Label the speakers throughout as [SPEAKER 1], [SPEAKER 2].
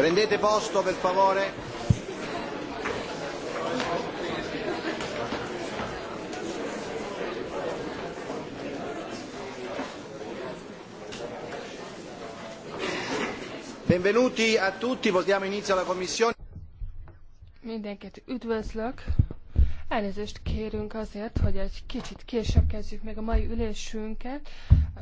[SPEAKER 1] Prendete posto per favore. Benvenuti a tutti, votiamo inizio alla commissione.
[SPEAKER 2] Mindenkit üdvözlök. Elnézést kérünk azért, hogy egy kicsit később kezdjük meg a mai ülésünket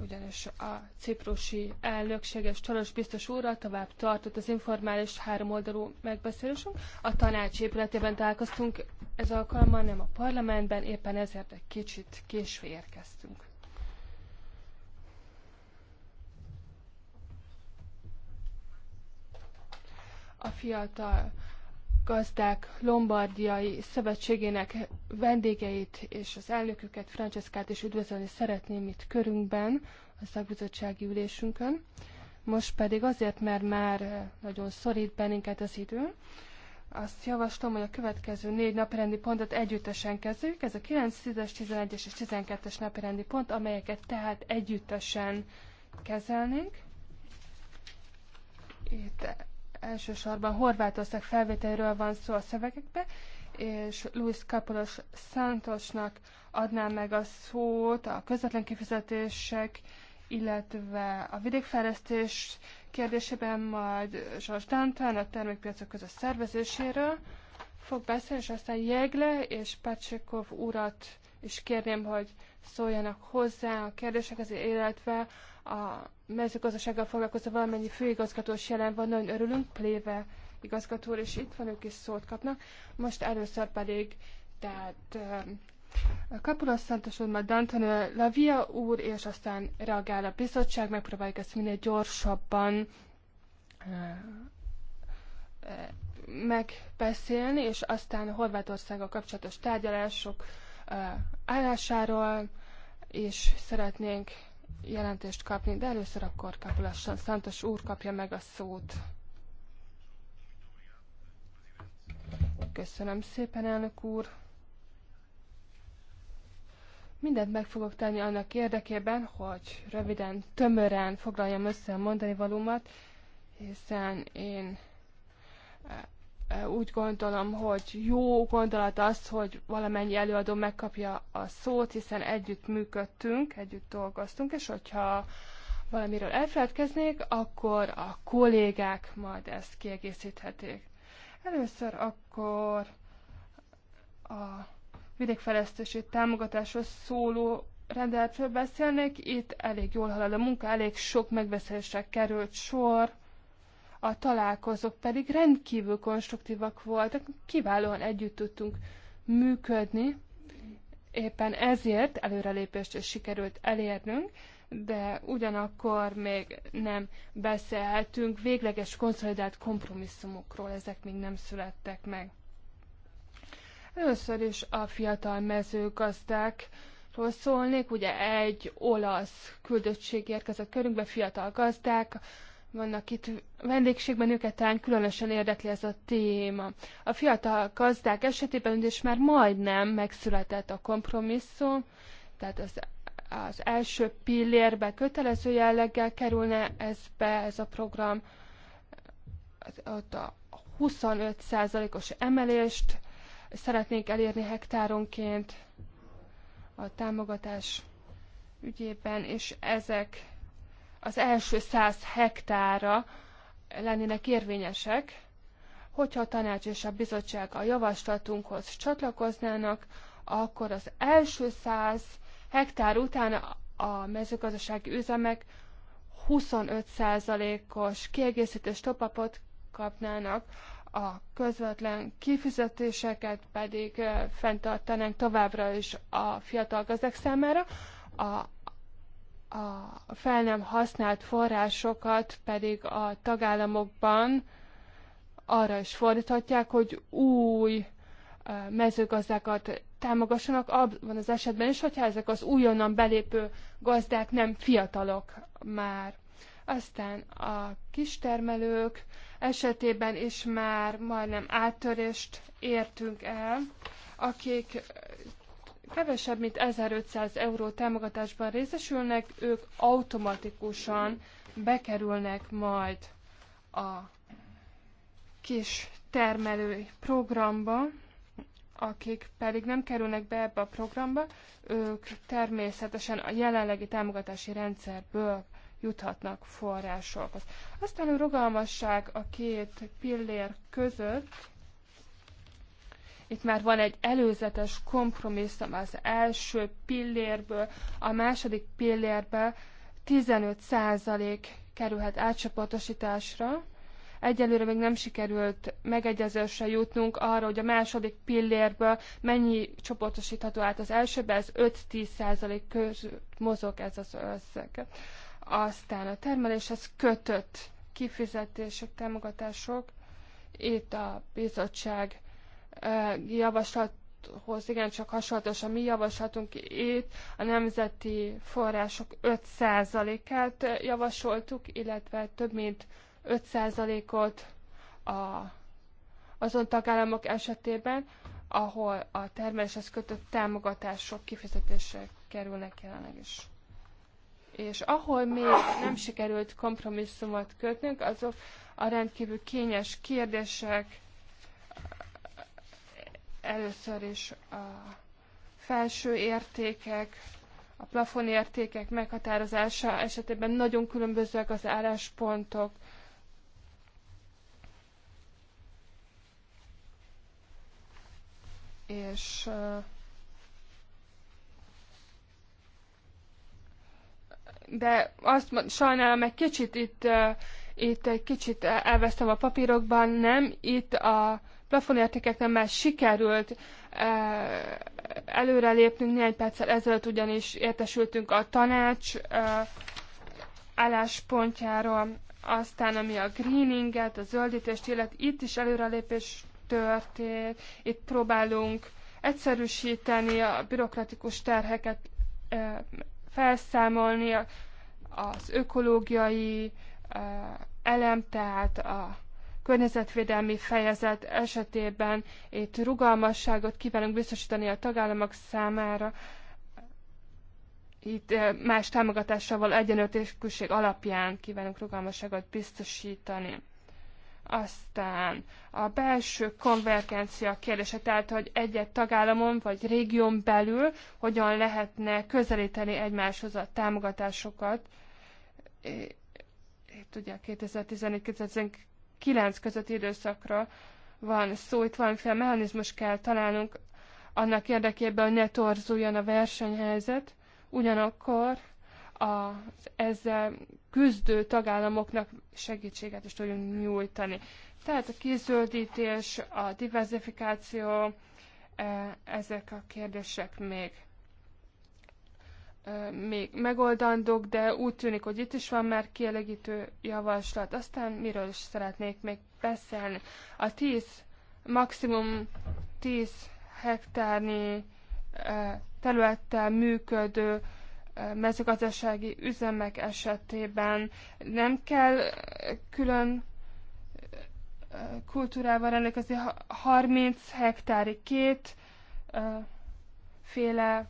[SPEAKER 2] ugyanis a ciprusi elnökséges Soros biztos úrral tovább tartott az informális háromoldalú megbeszélésünk. A tanács épületében találkoztunk ez alkalommal, nem a parlamentben, éppen ezért egy kicsit késve érkeztünk. A fiatal gazdák Lombardiai Szövetségének vendégeit és az elnöküket, Franceszkát is üdvözölni szeretném itt körünkben, a szakbizottsági ülésünkön. Most pedig azért, mert már eh, nagyon szorít bennünket az idő, azt javaslom, hogy a következő négy napirendi pontot együttesen kezdjük. Ez a 9, 10-es, 11-es és 12-es napirendi pont, amelyeket tehát együttesen kezelnénk. Itt Elsősorban Horvátország felvételről van szó a szövegekbe, és Luis Kapolos Szántosnak adnám meg a szót a közvetlen kifizetések, illetve a vidékfejlesztés kérdésében, majd Zsors Dantán a termékpiacok között szervezéséről fog beszélni, és aztán Jegle és Pacsikov urat is kérném, hogy szóljanak hozzá a kérdésekhez, illetve a mezőgazdasággal foglalkozó valamennyi is jelen van, nagyon örülünk, Pléve igazgató, és itt van, ők is szót kapnak. Most először pedig, tehát um, Kapulos Szántos úr, majd Dantonő Lavia úr, és aztán reagál a bizottság, megpróbáljuk ezt minél gyorsabban uh, e, megbeszélni, és aztán Horvátországgal kapcsolatos tárgyalások uh, állásáról, és szeretnénk jelentést kapni, de először akkor kapulassan Szántos úr kapja meg a szót. Köszönöm szépen, elnök úr. Mindent meg fogok tenni annak érdekében, hogy röviden, tömören foglaljam össze a mondani valómat, hiszen én úgy gondolom, hogy jó gondolat az, hogy valamennyi előadó megkapja a szót, hiszen együtt működtünk, együtt dolgoztunk, és hogyha valamiről elfeledkeznék, akkor a kollégák majd ezt kiegészíthetik. Először akkor a vidékfejlesztési támogatásról szóló rendeletről beszélnék. Itt elég jól halad a munka, elég sok megbeszélésre került sor, a találkozók pedig rendkívül konstruktívak voltak, kiválóan együtt tudtunk működni, éppen ezért előrelépést is sikerült elérnünk, de ugyanakkor még nem beszélhetünk végleges konszolidált kompromisszumokról, ezek még nem születtek meg. Először is a fiatal mezőgazdák szólnék, ugye egy olasz küldöttség érkezett körünkbe, fiatal gazdák, vannak itt vendégségben, őket talán különösen érdekli ez a téma. A fiatal gazdák esetében is már majdnem megszületett a kompromisszum, tehát az, az első pillérbe kötelező jelleggel kerülne ez be, ez a program, ott a 25%-os emelést szeretnénk elérni hektáronként a támogatás ügyében, és ezek az első 100 hektára lennének érvényesek, hogyha a tanács és a bizottság a javaslatunkhoz csatlakoznának, akkor az első 100 hektár után a mezőgazdasági üzemek 25%-os kiegészítés topapot kapnának, a közvetlen kifizetéseket pedig fenntartanánk továbbra is a fiatal gazdák számára. A a fel nem használt forrásokat pedig a tagállamokban arra is fordíthatják, hogy új mezőgazdákat támogassanak abban az esetben is, hogyha ezek az újonnan belépő gazdák nem fiatalok már. Aztán a kistermelők esetében is már majdnem áttörést értünk el, akik kevesebb, mint 1500 euró támogatásban részesülnek, ők automatikusan bekerülnek majd a kis termelői programba, akik pedig nem kerülnek be ebbe a programba, ők természetesen a jelenlegi támogatási rendszerből juthatnak forrásokhoz. Aztán a rugalmasság a két pillér között itt már van egy előzetes kompromisszum az első pillérből, a második pillérbe 15% kerülhet átcsoportosításra. Egyelőre még nem sikerült megegyezésre jutnunk arra, hogy a második pillérből mennyi csoportosítható át az elsőbe, ez 5-10% között mozog ez az összeg. Aztán a termeléshez kötött kifizetések, támogatások. Itt a bizottság javaslathoz csak hasonlatos a mi javaslatunk itt, a nemzeti források 5%-át javasoltuk, illetve több mint 5%-ot a, azon tagállamok esetében, ahol a termeléshez kötött támogatások kifizetése kerülnek jelenleg is. És ahol még nem sikerült kompromisszumot kötnünk, azok a rendkívül kényes kérdések, Először is a felső értékek, a plafonértékek meghatározása esetében nagyon különbözőek az álláspontok. És de azt sajnálom, egy kicsit itt, itt egy kicsit elvesztem a papírokban, nem, itt a plafonértékeknél már sikerült eh, előrelépnünk néhány perccel ezelőtt, ugyanis értesültünk a tanács eh, álláspontjáról, aztán ami a greeninget, a zöldítést illet, itt is előrelépés történt, itt próbálunk egyszerűsíteni a bürokratikus terheket, eh, felszámolni az ökológiai elem, tehát a környezetvédelmi fejezet esetében itt rugalmasságot kívánunk biztosítani a tagállamok számára, itt eh, más támogatással való egyenlőtékűség alapján kívánunk rugalmasságot biztosítani. Aztán a belső konvergencia kérdése, tehát hogy egy-egy tagállamon vagy régión belül hogyan lehetne közelíteni egymáshoz a támogatásokat. Itt ugye 2014 9 közötti időszakra van szó, itt valamiféle mechanizmus kell találnunk annak érdekében, hogy ne torzuljon a versenyhelyzet, ugyanakkor az ezzel küzdő tagállamoknak segítséget is tudjunk nyújtani. Tehát a kizöldítés, a diversifikáció, e, ezek a kérdések még még megoldandók, de úgy tűnik, hogy itt is van már kielégítő javaslat. Aztán miről is szeretnék még beszélni? A 10, maximum 10 hektárnyi területtel működő mezőgazdasági üzemek esetében nem kell külön kultúrával rendelkezni, 30 hektári két féle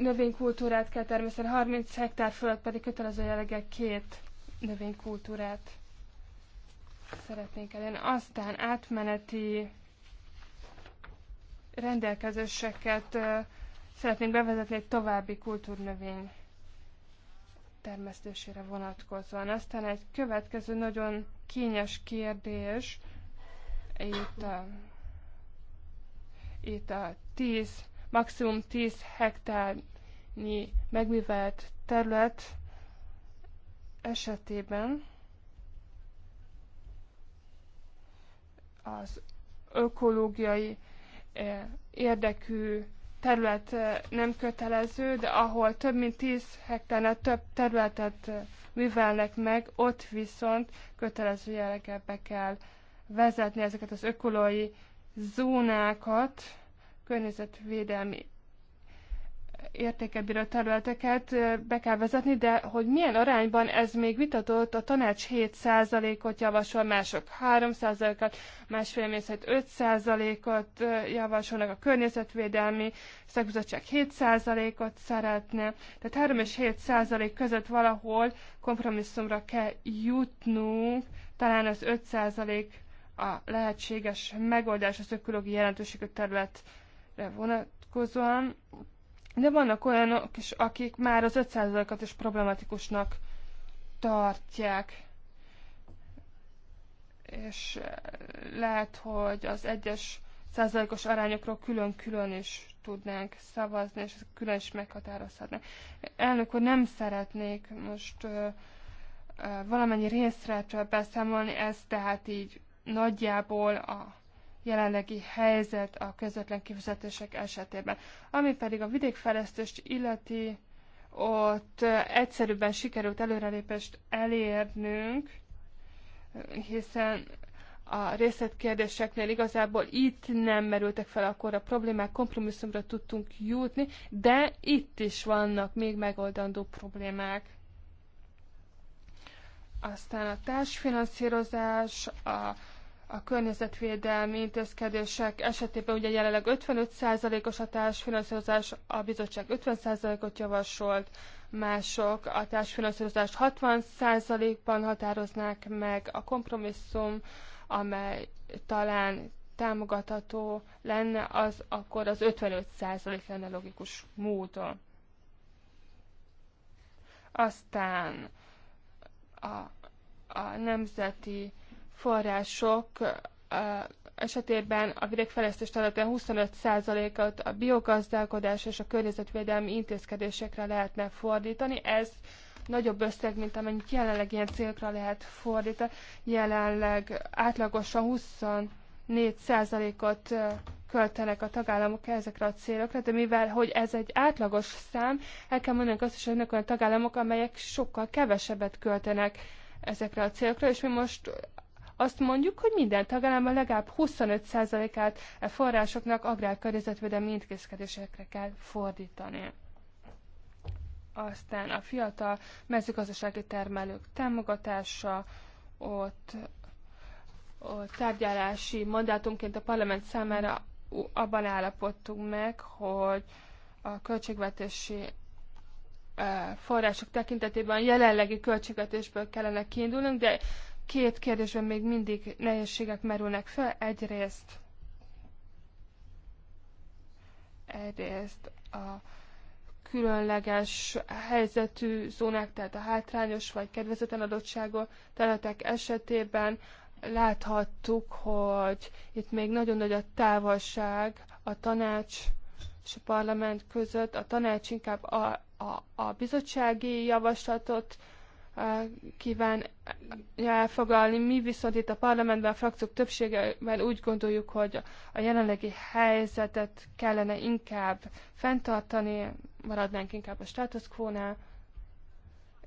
[SPEAKER 2] növénykultúrát kell természetesen, 30 hektár fölött pedig kötelező jelleggel két növénykultúrát szeretnénk elérni. Aztán átmeneti rendelkezéseket szeretnénk bevezetni egy további kultúrnövény termesztésére vonatkozóan. Aztán egy következő nagyon kényes kérdés, itt a, itt a 10 maximum 10 hektárnyi megművelt terület esetében az ökológiai eh, érdekű terület eh, nem kötelező, de ahol több mint 10 hektárnál több területet eh, művelnek meg, ott viszont kötelező jelleggel be kell vezetni ezeket az ökológiai zónákat, környezetvédelmi értéke területeket be kell vezetni, de hogy milyen arányban ez még vitatott, a tanács 7%-ot javasol, mások 3%-ot, másfél mészet 5%-ot javasolnak, a környezetvédelmi szakbizottság 7%-ot szeretne. Tehát 3 és 7% között valahol kompromisszumra kell jutnunk, talán az 5% a lehetséges megoldás az ökológiai jelentőségű terület vonatkozóan, de vannak olyanok is, akik már az 5%-at is problematikusnak tartják. És eh, lehet, hogy az egyes százalékos arányokról külön-külön is tudnánk szavazni, és külön is meghatározhatnánk. Elnök úr, nem szeretnék most ö, eh, ö, eh, valamennyi részre beszámolni, ez tehát így nagyjából a jelenlegi helyzet a közvetlen kifizetések esetében. Ami pedig a vidékfejlesztést illeti, ott egyszerűbben sikerült előrelépést elérnünk, hiszen a részletkérdéseknél igazából itt nem merültek fel akkor a problémák, kompromisszumra tudtunk jutni, de itt is vannak még megoldandó problémák. Aztán a társfinanszírozás, a a környezetvédelmi intézkedések esetében ugye jelenleg 55%-os a társfinanszírozás, a bizottság 50%-ot javasolt, mások a társfinanszírozást 60%-ban határoznák meg a kompromisszum, amely talán támogatható lenne, az akkor az 55% lenne logikus módon. Aztán a, a nemzeti források esetében a vidékfejlesztés területen 25 ot a biogazdálkodás és a környezetvédelmi intézkedésekre lehetne fordítani. Ez nagyobb összeg, mint amennyit jelenleg ilyen célokra lehet fordítani. Jelenleg átlagosan 24%-ot költenek a tagállamok ezekre a célokra, de mivel hogy ez egy átlagos szám, el kell mondanunk azt is, hogy vannak olyan tagállamok, amelyek sokkal kevesebbet költenek ezekre a célokra, és mi most azt mondjuk, hogy minden tagállamban legalább 25%-át a e forrásoknak agrárkörnyezetvédelmi intézkedésekre kell fordítani. Aztán a fiatal mezőgazdasági termelők támogatása, ott, ott tárgyalási mandátumként a parlament számára abban állapodtunk meg, hogy a költségvetési e, források tekintetében a jelenlegi költségvetésből kellene kiindulnunk, de két kérdésben még mindig nehézségek merülnek fel. Egyrészt, egyrészt a különleges helyzetű zónák, tehát a hátrányos vagy kedvezetlen adottságú területek esetében láthattuk, hogy itt még nagyon nagy a távolság a tanács és a parlament között. A tanács inkább a, a, a bizottsági javaslatot kívánja elfoglalni. Mi viszont itt a parlamentben a frakciók többségevel úgy gondoljuk, hogy a jelenlegi helyzetet kellene inkább fenntartani, maradnánk inkább a status quo-nál,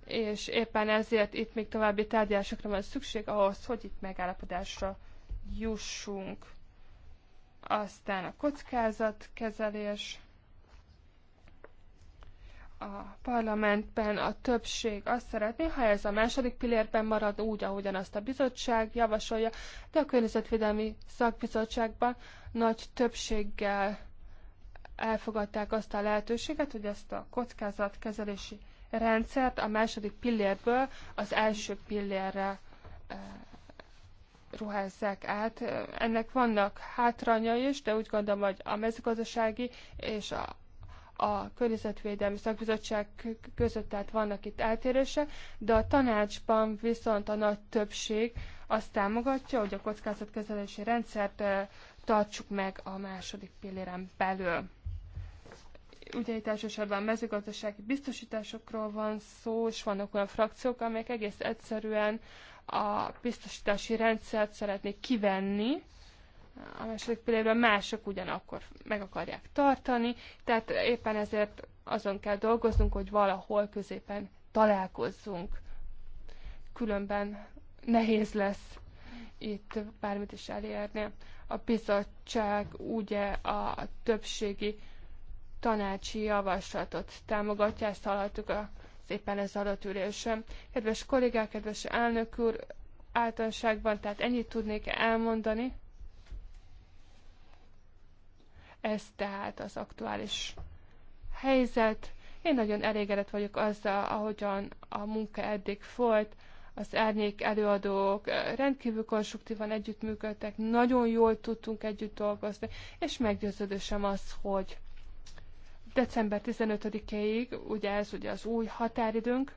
[SPEAKER 2] és éppen ezért itt még további tárgyalásokra van szükség ahhoz, hogy itt megállapodásra jussunk. Aztán a kockázatkezelés a parlamentben a többség azt szeretné, ha ez a második pillérben marad úgy, ahogyan azt a bizottság javasolja, de a környezetvédelmi szakbizottságban nagy többséggel elfogadták azt a lehetőséget, hogy ezt a kockázatkezelési rendszert a második pillérből az első pillérre eh, ruházzák át. Ennek vannak hátrányai is, de úgy gondolom, hogy a mezőgazdasági és a a Környezetvédelmi Szakbizottság között, tehát vannak itt eltérések, de a tanácsban viszont a nagy többség azt támogatja, hogy a kockázatkezelési rendszert tartsuk meg a második pilléren belül. Ugye itt elsősorban mezőgazdasági biztosításokról van szó, és vannak olyan frakciók, amelyek egész egyszerűen a biztosítási rendszert szeretnék kivenni, a második pillérben mások ugyanakkor meg akarják tartani, tehát éppen ezért azon kell dolgoznunk, hogy valahol középen találkozzunk. Különben nehéz lesz itt bármit is elérni. A bizottság ugye a többségi tanácsi javaslatot támogatja, ezt hallhattuk a szépen ez alatt ülésem. Kedves kollégák, kedves elnök úr, általánoságban tehát ennyit tudnék elmondani. Ez tehát az aktuális helyzet. Én nagyon elégedett vagyok azzal, ahogyan a munka eddig folyt. Az árnyék előadók eh, rendkívül konstruktívan együttműködtek, nagyon jól tudtunk együtt dolgozni, és meggyőződésem az, hogy december 15-ig, ugye ez ugye az új határidőnk,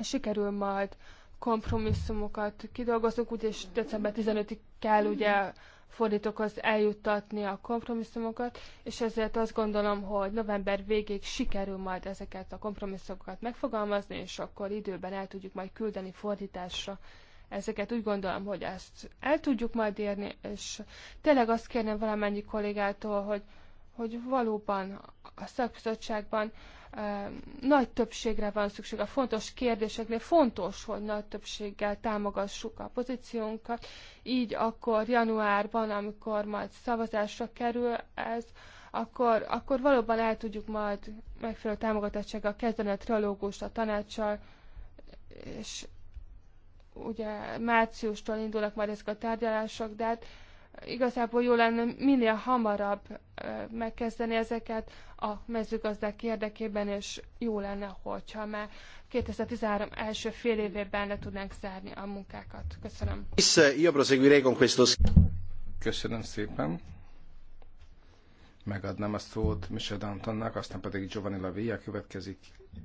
[SPEAKER 2] sikerül majd kompromisszumokat ugye úgyis december 15-ig kell ugye fordítókhoz eljuttatni a kompromisszumokat, és ezért azt gondolom, hogy november végéig sikerül majd ezeket a kompromisszumokat megfogalmazni, és akkor időben el tudjuk majd küldeni fordításra ezeket. Úgy gondolom, hogy ezt el tudjuk majd érni, és tényleg azt kérném valamennyi kollégától, hogy hogy valóban a szakbizottságban nagy többségre van szükség. A fontos kérdéseknél fontos, hogy nagy többséggel támogassuk a pozíciónkat. Így akkor januárban, amikor majd szavazásra kerül ez, akkor, akkor valóban el tudjuk majd megfelelő támogatottsággal kezdeni a trialógust a tanácssal, és ugye márciustól indulnak majd ezek a tárgyalások, de hát igazából jó lenne minél hamarabb megkezdeni ezeket a mezőgazdák érdekében, és jó lenne, hogyha már 2013 első fél évében le tudnánk zárni a munkákat. Köszönöm.
[SPEAKER 3] Eh, Köszönöm szépen. Megadnám a szót Michel Dantonnak, aztán pedig Giovanni Lavia következik,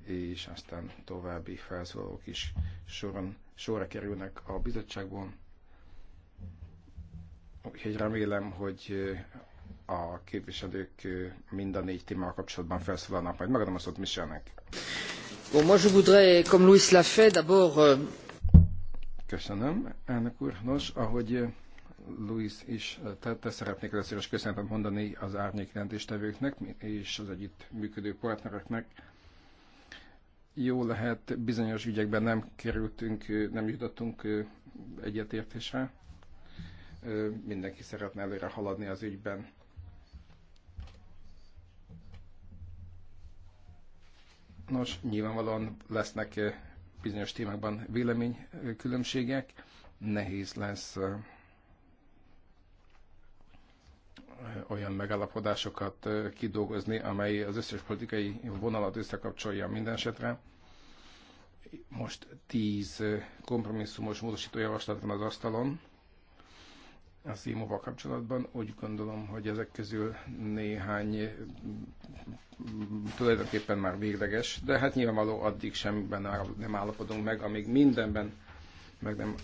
[SPEAKER 3] és aztán további felszólalók is soron, sorra kerülnek a bizottságból. Úgyhogy remélem, hogy a képviselők mind a négy témával kapcsolatban felszólalnak, majd megadom a szót Michelnek. Bon, moi je
[SPEAKER 2] voudrais, comme Louis
[SPEAKER 3] l'a fait, d'abord... Euh, Köszönöm, elnök úr. Nos, ahogy Louis is tette, szeretnék először is köszönetet mondani az árnyék jelentéstevőknek és az együtt működő partnereknek. Jó lehet, bizonyos ügyekben nem kerültünk, nem jutottunk egyetértésre, mindenki szeretne előre haladni az ügyben. Nos, nyilvánvalóan lesznek bizonyos témákban véleménykülönbségek, nehéz lesz olyan megállapodásokat kidolgozni, amely az összes politikai vonalat összekapcsolja minden esetre. Most tíz kompromisszumos módosítójavaslat van az asztalon az imo kapcsolatban. Úgy gondolom, hogy ezek közül néhány mm, tulajdonképpen már végleges, de hát nyilvánvaló addig semmiben nem állapodunk meg, amíg mindenben meg nem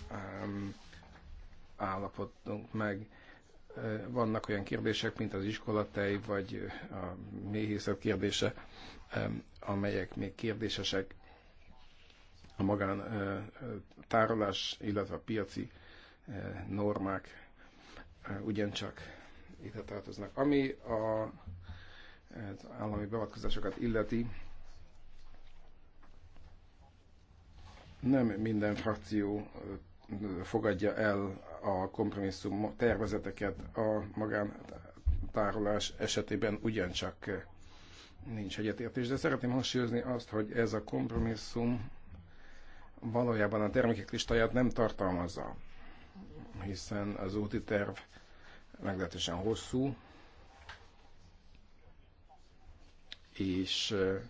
[SPEAKER 3] állapodunk meg. Vannak olyan kérdések, mint az iskolatei, vagy a méhészet kérdése, amelyek még kérdésesek a magán tárolás, illetve a piaci normák ugyancsak ide tartoznak. Ami a, az állami beavatkozásokat illeti, nem minden frakció fogadja el a kompromisszum tervezeteket a magántárolás esetében ugyancsak nincs egyetértés, de szeretném hangsúlyozni azt, hogy ez a kompromisszum valójában a termékek listáját nem tartalmazza hiszen az úti terv meglehetősen hosszú, és eh,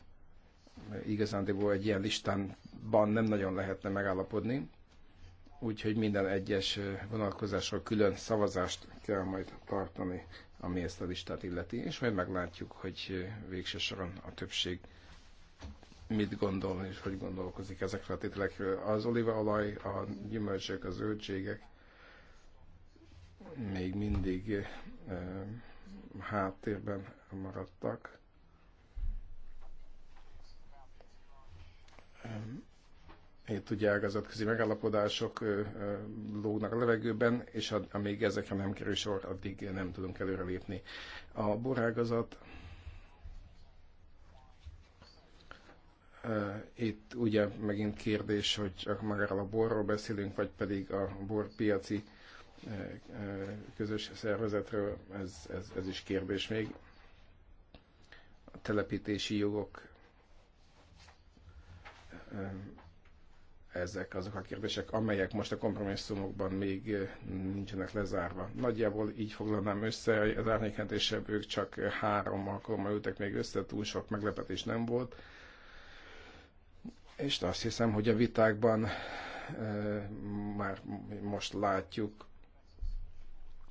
[SPEAKER 3] igazándiból egy ilyen listánban nem nagyon lehetne megállapodni, úgyhogy minden egyes eh, vonalkozásról külön szavazást kell majd tartani, ami ezt a listát illeti, és majd meglátjuk, hogy eh, végső soron a többség mit gondol és hogy gondolkozik ezekre a tételekről. Az olívaolaj, a gyümölcsök, az zöldségek, még mindig eh, háttérben maradtak. Ehm, itt ugye ágazatközi megállapodások eh, eh, lógnak a levegőben, és amíg ezekre nem kerül sor, addig nem tudunk előrelépni. A borágazat itt ugye megint kérdés, hogy csak magáról a borról beszélünk, vagy pedig a borpiaci közös szervezetről, ez, ez, ez is kérdés még. A telepítési jogok, ezek azok a kérdések, amelyek most a kompromisszumokban még nincsenek lezárva. Nagyjából így foglalnám össze, az árnyékentésebb ők csak három alkalommal ültek még össze, túl sok meglepetés nem volt. És azt hiszem, hogy a vitákban már most látjuk,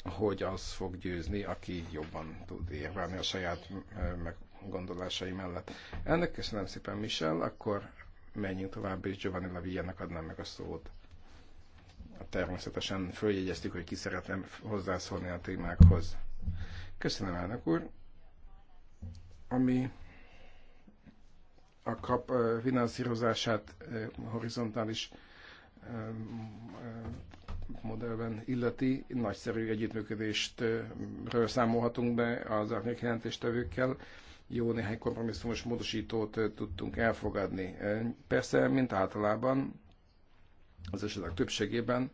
[SPEAKER 3] hogy az fog győzni, aki jobban tud érvelni a saját meggondolásai mellett. Ennek köszönöm szépen, Michel, akkor menjünk tovább, és Giovanni Lavillának adnám meg a szót. Természetesen följegyeztük, hogy ki szeretne hozzászólni a témákhoz. Köszönöm, elnök úr. Ami a kap finanszírozását horizontális modellben illeti, nagyszerű együttműködést számolhatunk be az árnyék jelentéstevőkkel. Jó néhány kompromisszumos módosítót tudtunk elfogadni. Persze, mint általában, az esetek többségében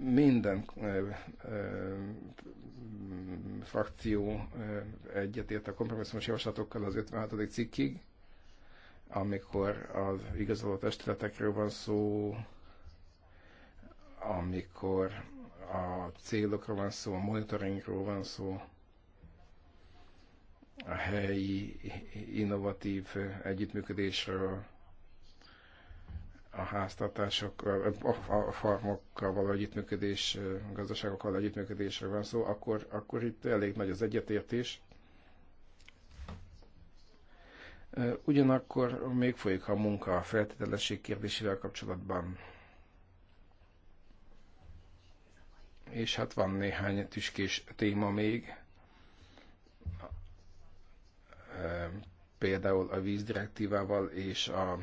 [SPEAKER 3] minden ö, ö, frakció egyetért a kompromisszumos javaslatokkal az 56. cikkig, amikor az igazoló testületekről van szó, amikor a célokról van szó, a monitoringról van szó, a helyi innovatív együttműködésről, a háztartásokkal, a farmokkal való együttműködés, gazdaságokkal való együttműködésről van szó, akkor, akkor itt elég nagy az egyetértés. Ugyanakkor még folyik a munka a feltételesség kérdésével kapcsolatban. és hát van néhány tüskés téma még, például a vízdirektívával és a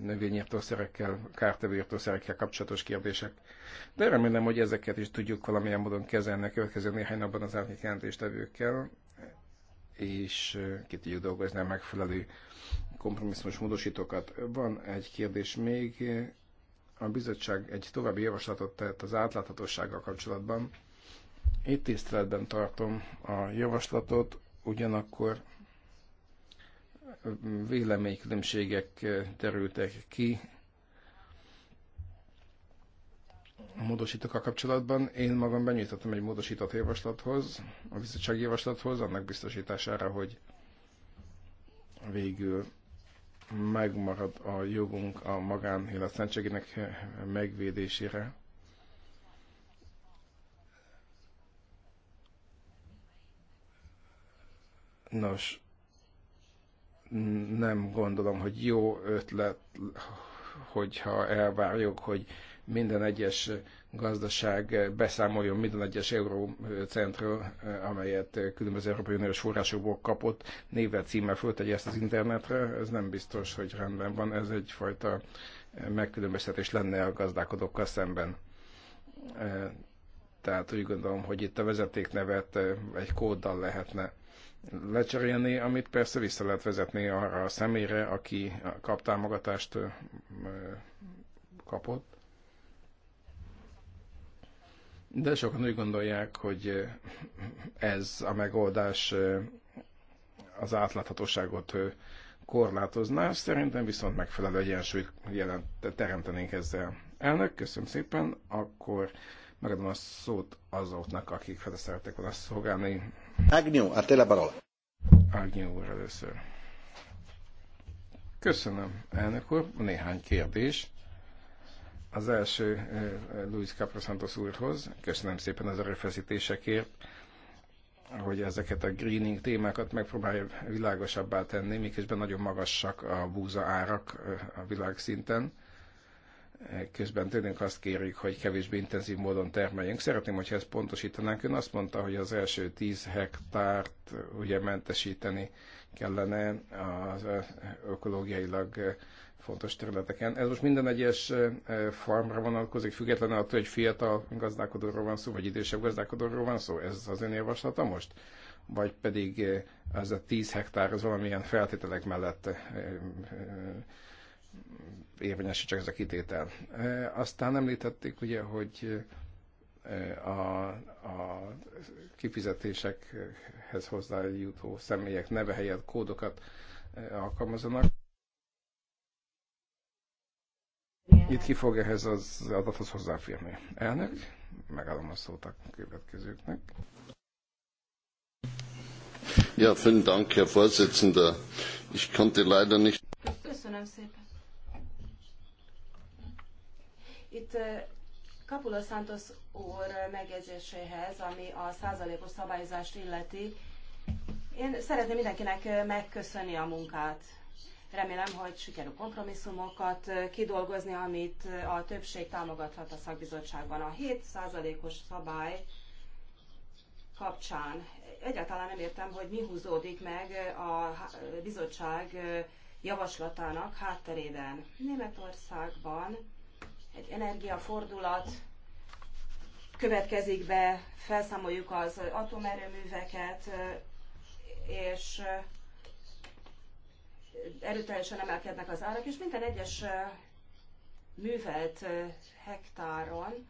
[SPEAKER 3] növényírtószerekkel, kártevőírtószerekkel kapcsolatos kérdések. De remélem, hogy ezeket is tudjuk valamilyen módon kezelni a következő néhány napban az árnyék jelentéstevőkkel, és ki tudjuk dolgozni a megfelelő kompromisszumos módosítókat. Van egy kérdés még, a bizottság egy további javaslatot tett az átláthatósággal kapcsolatban. Itt tiszteletben tartom a javaslatot, ugyanakkor véleménykülönbségek terültek ki a módosítókkal kapcsolatban. Én magam benyújtottam egy módosított javaslathoz, a bizottság javaslathoz, annak biztosítására, hogy végül megmarad a jogunk a magánélet szentségének megvédésére. Nos, nem gondolom, hogy jó ötlet, hogyha elvárjuk, hogy minden egyes gazdaság beszámoljon minden egyes eurócentről, amelyet különböző Európai Uniós forrásokból kapott, névvel, címmel föltegye ezt az internetre, ez nem biztos, hogy rendben van, ez egyfajta megkülönböztetés lenne a gazdálkodókkal szemben. E, tehát úgy gondolom, hogy itt a vezetéknevet egy kóddal lehetne lecserélni, amit persze vissza lehet vezetni arra a személyre, aki kap támogatást e, kapott de sokan úgy gondolják, hogy eh, ez a megoldás eh, az átláthatóságot eh, korlátozná, szerintem viszont megfelelő egyensúlyt jelent, teremtenénk ezzel. Elnök, köszönöm szépen, akkor megadom a szót azoknak, akik fel szerettek volna szolgálni. Agnew, a te la úr először. Köszönöm, elnök úr. Néhány kérdés. Az első eh, Luis Caprasantos úrhoz, köszönöm szépen az erőfeszítésekért, hogy ezeket a greening témákat megpróbálja világosabbá tenni, miközben nagyon magasak a búza árak eh, a világszinten. Eh, közben tőlünk azt kérjük, hogy kevésbé intenzív módon termeljünk. Szeretném, hogyha ezt pontosítanánk. Ön azt mondta, hogy az első 10 hektárt ugye mentesíteni kellene az ökológiailag fontos területeken. Ez most minden egyes farmra vonatkozik, függetlenül attól, hogy fiatal gazdálkodóról van szó, vagy idősebb gazdálkodóról van szó. Ez az ön javaslata most? Vagy pedig az a 10 hektár az valamilyen feltételek mellett csak ez a kitétel. Aztán említették ugye, hogy a, a kifizetésekhez hozzájutó személyek neve helyett kódokat e, alkalmazanak. Itt ki fog ehhez az adathoz hozzáférni? Elnök, megadom a szót a következőknek.
[SPEAKER 2] Ja, vielen Dank, Herr Vorsitzender. Ich konnte leider nicht...
[SPEAKER 4] Köszönöm szépen. Itt Capula Santos úr megjegyzéséhez, ami a százalékos szabályozást illeti, én szeretném mindenkinek megköszönni a munkát. Remélem, hogy sikerül kompromisszumokat kidolgozni, amit a többség támogathat a szakbizottságban. A 7 százalékos szabály kapcsán egyáltalán nem értem, hogy mi húzódik meg a bizottság javaslatának hátterében. Németországban egy energiafordulat következik be, felszámoljuk az atomerőműveket, és erőteljesen emelkednek az árak, és minden egyes művelt hektáron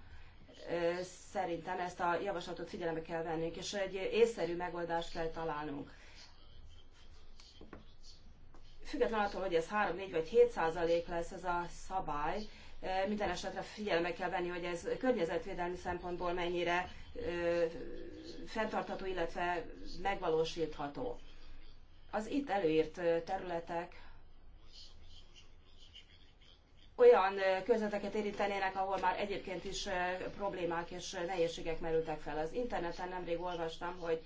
[SPEAKER 4] szerintem ezt a javaslatot figyelembe kell vennünk, és egy észszerű megoldást kell találnunk. Független attól, hogy ez 3, 4 vagy 7 százalék lesz ez a szabály, minden esetre figyelme kell venni, hogy ez környezetvédelmi szempontból mennyire fenntartható, illetve megvalósítható. Az itt előírt területek olyan körzeteket érintenének, ahol már egyébként is problémák és nehézségek merültek fel. Az interneten nemrég olvastam, hogy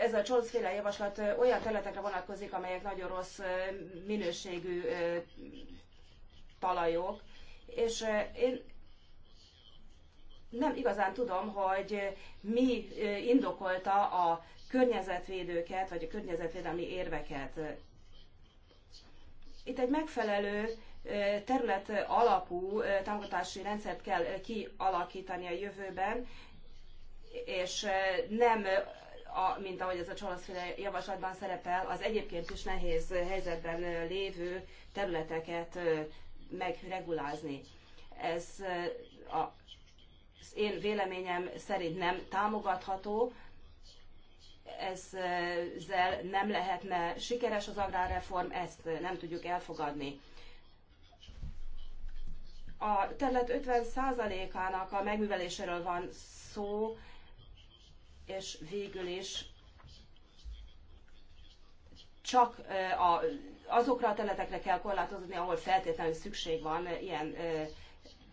[SPEAKER 4] ez a Jones féle javaslat olyan területekre vonatkozik, amelyek nagyon rossz minőségű talajok, és én nem igazán tudom, hogy mi indokolta a környezetvédőket, vagy a környezetvédelmi érveket. Itt egy megfelelő terület alapú támogatási rendszert kell kialakítani a jövőben, és nem a, mint ahogy ez a csalaszféle javaslatban szerepel, az egyébként is nehéz helyzetben lévő területeket megregulázni. Ez a, az én véleményem szerint nem támogatható, ezzel nem lehetne sikeres az agrárreform, ezt nem tudjuk elfogadni. A terület 50%-ának a megműveléséről van szó, és végül is csak a, azokra a területekre kell korlátozni, ahol feltétlenül szükség van ilyen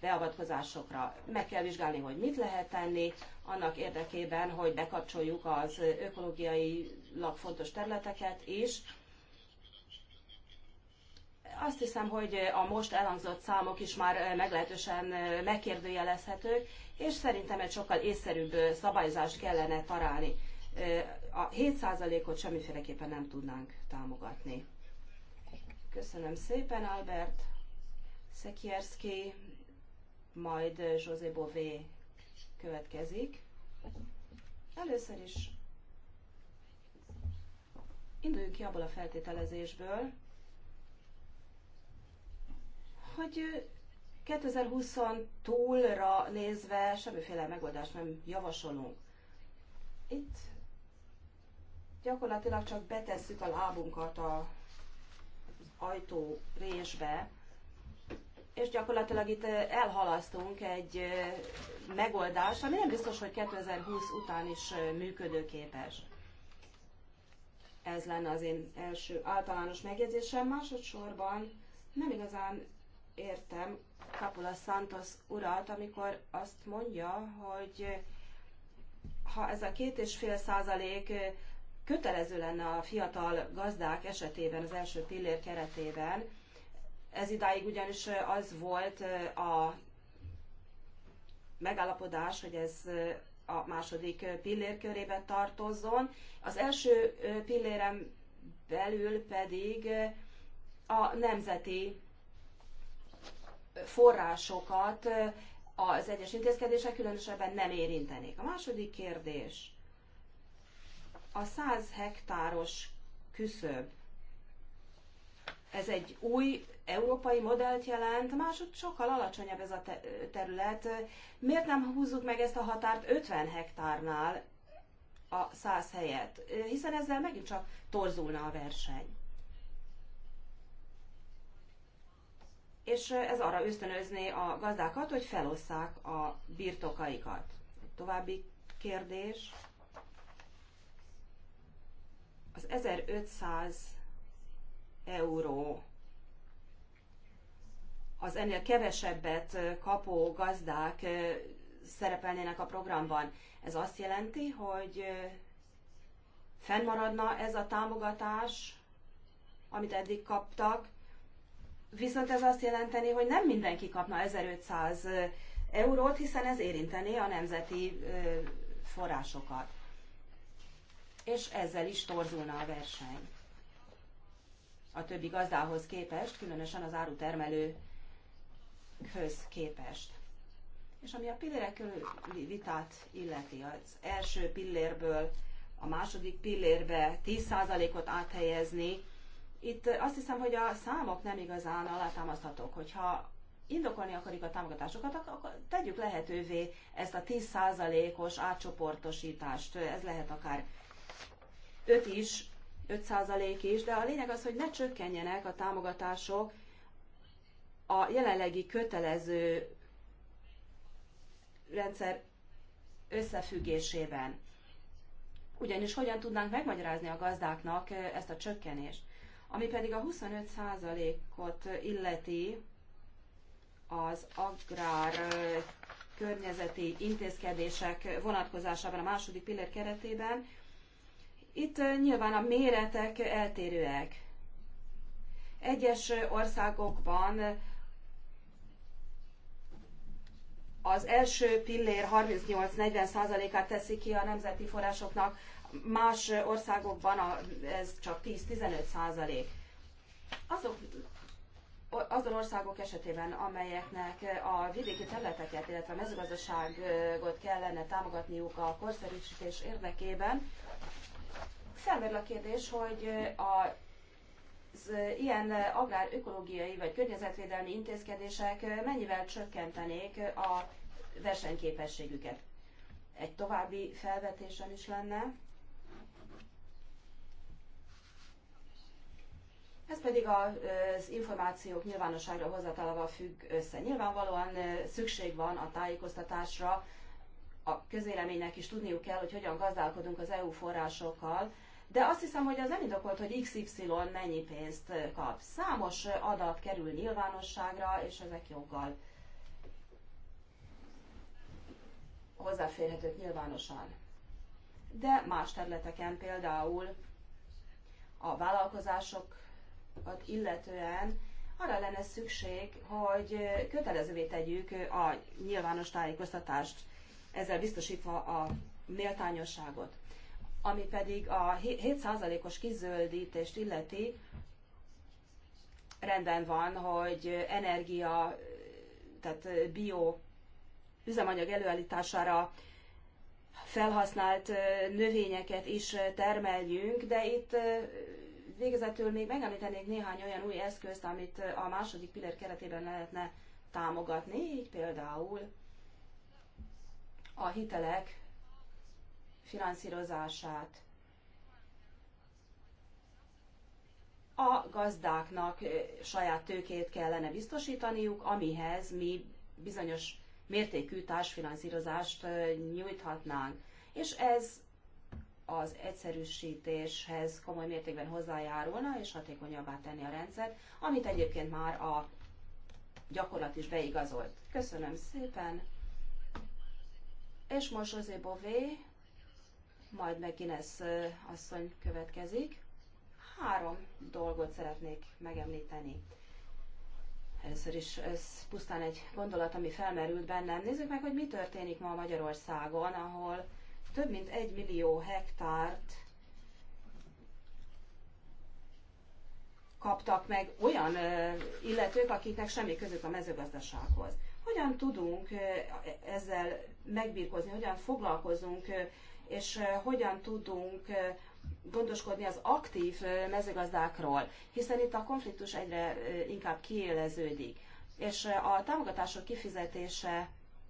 [SPEAKER 4] beavatkozásokra. Meg kell vizsgálni, hogy mit lehet tenni annak érdekében, hogy bekapcsoljuk az ökológiai fontos területeket is. Azt hiszem, hogy a most elhangzott számok is már meglehetősen megkérdőjelezhetők, és szerintem egy sokkal észszerűbb szabályozást kellene találni. A 7%-ot semmiféleképpen nem tudnánk támogatni. Köszönöm szépen, Albert Szekierszki, majd José Bové következik. Először is induljunk ki abból a feltételezésből, hogy 2020 túlra nézve semmiféle megoldást nem javasolunk. Itt gyakorlatilag csak betesszük a lábunkat a ajtó résbe, és gyakorlatilag itt elhalasztunk egy megoldás, ami nem biztos, hogy 2020 után is működőképes. Ez lenne az én első általános megjegyzésem. Másodszorban nem igazán értem Kapula Santos urat, amikor azt mondja, hogy ha ez a két és fél százalék kötelező lenne a fiatal gazdák esetében az első pillér keretében, ez idáig ugyanis az volt a megállapodás, hogy ez a második pillér körébe tartozzon. Az első pillérem belül pedig a nemzeti forrásokat az egyes intézkedések különösebben nem érintenék. A második kérdés. A 100 hektáros küszöb. Ez egy új európai modellt jelent, másod sokkal alacsonyabb ez a terület. Miért nem húzzuk meg ezt a határt 50 hektárnál a 100 helyett? Hiszen ezzel megint csak torzulna a verseny. és ez arra ösztönözné a gazdákat, hogy felosszák a birtokaikat. További kérdés. Az 1500 euró az ennél kevesebbet kapó gazdák szerepelnének a programban. Ez azt jelenti, hogy fennmaradna ez a támogatás, amit eddig kaptak, viszont ez azt jelenteni, hogy nem mindenki kapna 1500 eurót, hiszen ez érinteni a nemzeti forrásokat. És ezzel is torzulna a verseny. A többi gazdához képest, különösen az árutermelőkhöz képest. És ami a pillérek vitát illeti, az első pillérből a második pillérbe 10%-ot áthelyezni, itt eh, azt hiszem, hogy a számok nem igazán alátámaszthatók. Hogyha indokolni akarjuk a támogatásokat, akkor tegyük lehetővé ezt a 10%-os átcsoportosítást. Ez lehet akár 5 is, 5% is, de a lényeg az, hogy ne csökkenjenek a támogatások a jelenlegi kötelező rendszer összefüggésében. Ugyanis hogyan tudnánk megmagyarázni a gazdáknak eh, ezt a csökkenést? Ami pedig a 25%-ot illeti az agrár környezeti intézkedések vonatkozásában a második pillér keretében, itt nyilván a méretek eltérőek. Egyes országokban az első pillér 38-40%-át teszi ki a nemzeti forrásoknak, más országokban a, ez csak 10-15 százalék. Azok, azon országok esetében, amelyeknek a vidéki területeket, illetve a mezőgazdaságot kellene támogatniuk a korszerűsítés érdekében, felmerül a kérdés, hogy a az ilyen ökológiai vagy környezetvédelmi intézkedések mennyivel csökkentenék a versenyképességüket. Egy további felvetésem is lenne, Ez pedig az információk nyilvánosságra hozatalával függ össze. Nyilvánvalóan szükség van a tájékoztatásra, a közéleménynek is tudniuk kell, hogy hogyan gazdálkodunk az EU forrásokkal, de azt hiszem, hogy az nem indokolt, hogy XY mennyi pénzt kap. Számos adat kerül nyilvánosságra, és ezek joggal hozzáférhetők nyilvánosan. De más területeken például a vállalkozások illetően arra lenne szükség, hogy kötelezővé tegyük a nyilvános tájékoztatást, ezzel biztosítva a méltányosságot. Ami pedig a 7%-os kizöldítést illeti, rendben van, hogy energia, tehát bio üzemanyag előállítására felhasznált növényeket is termeljünk, de itt Végezetül még megemlítenék néhány olyan új eszközt, amit a második pillér keretében lehetne támogatni, így például a hitelek finanszírozását. A gazdáknak saját tőkét kellene biztosítaniuk, amihez mi bizonyos mértékű társfinanszírozást nyújthatnánk. És ez az egyszerűsítéshez komoly mértékben hozzájárulna és hatékonyabbá tenni a rendszert, amit egyébként már a gyakorlat is beigazolt. Köszönöm szépen! És most José Bové, majd meg Guinness asszony következik. Három dolgot szeretnék megemlíteni. Először is ez pusztán egy gondolat, ami felmerült bennem. Nézzük meg, hogy mi történik ma Magyarországon, ahol több mint egy millió hektárt kaptak meg olyan illetők, akiknek semmi közük a mezőgazdasághoz. Hogyan tudunk ezzel megbírkozni, hogyan foglalkozunk, és hogyan tudunk gondoskodni az aktív mezőgazdákról, hiszen itt a konfliktus egyre inkább kiéleződik. És a támogatások kifizetése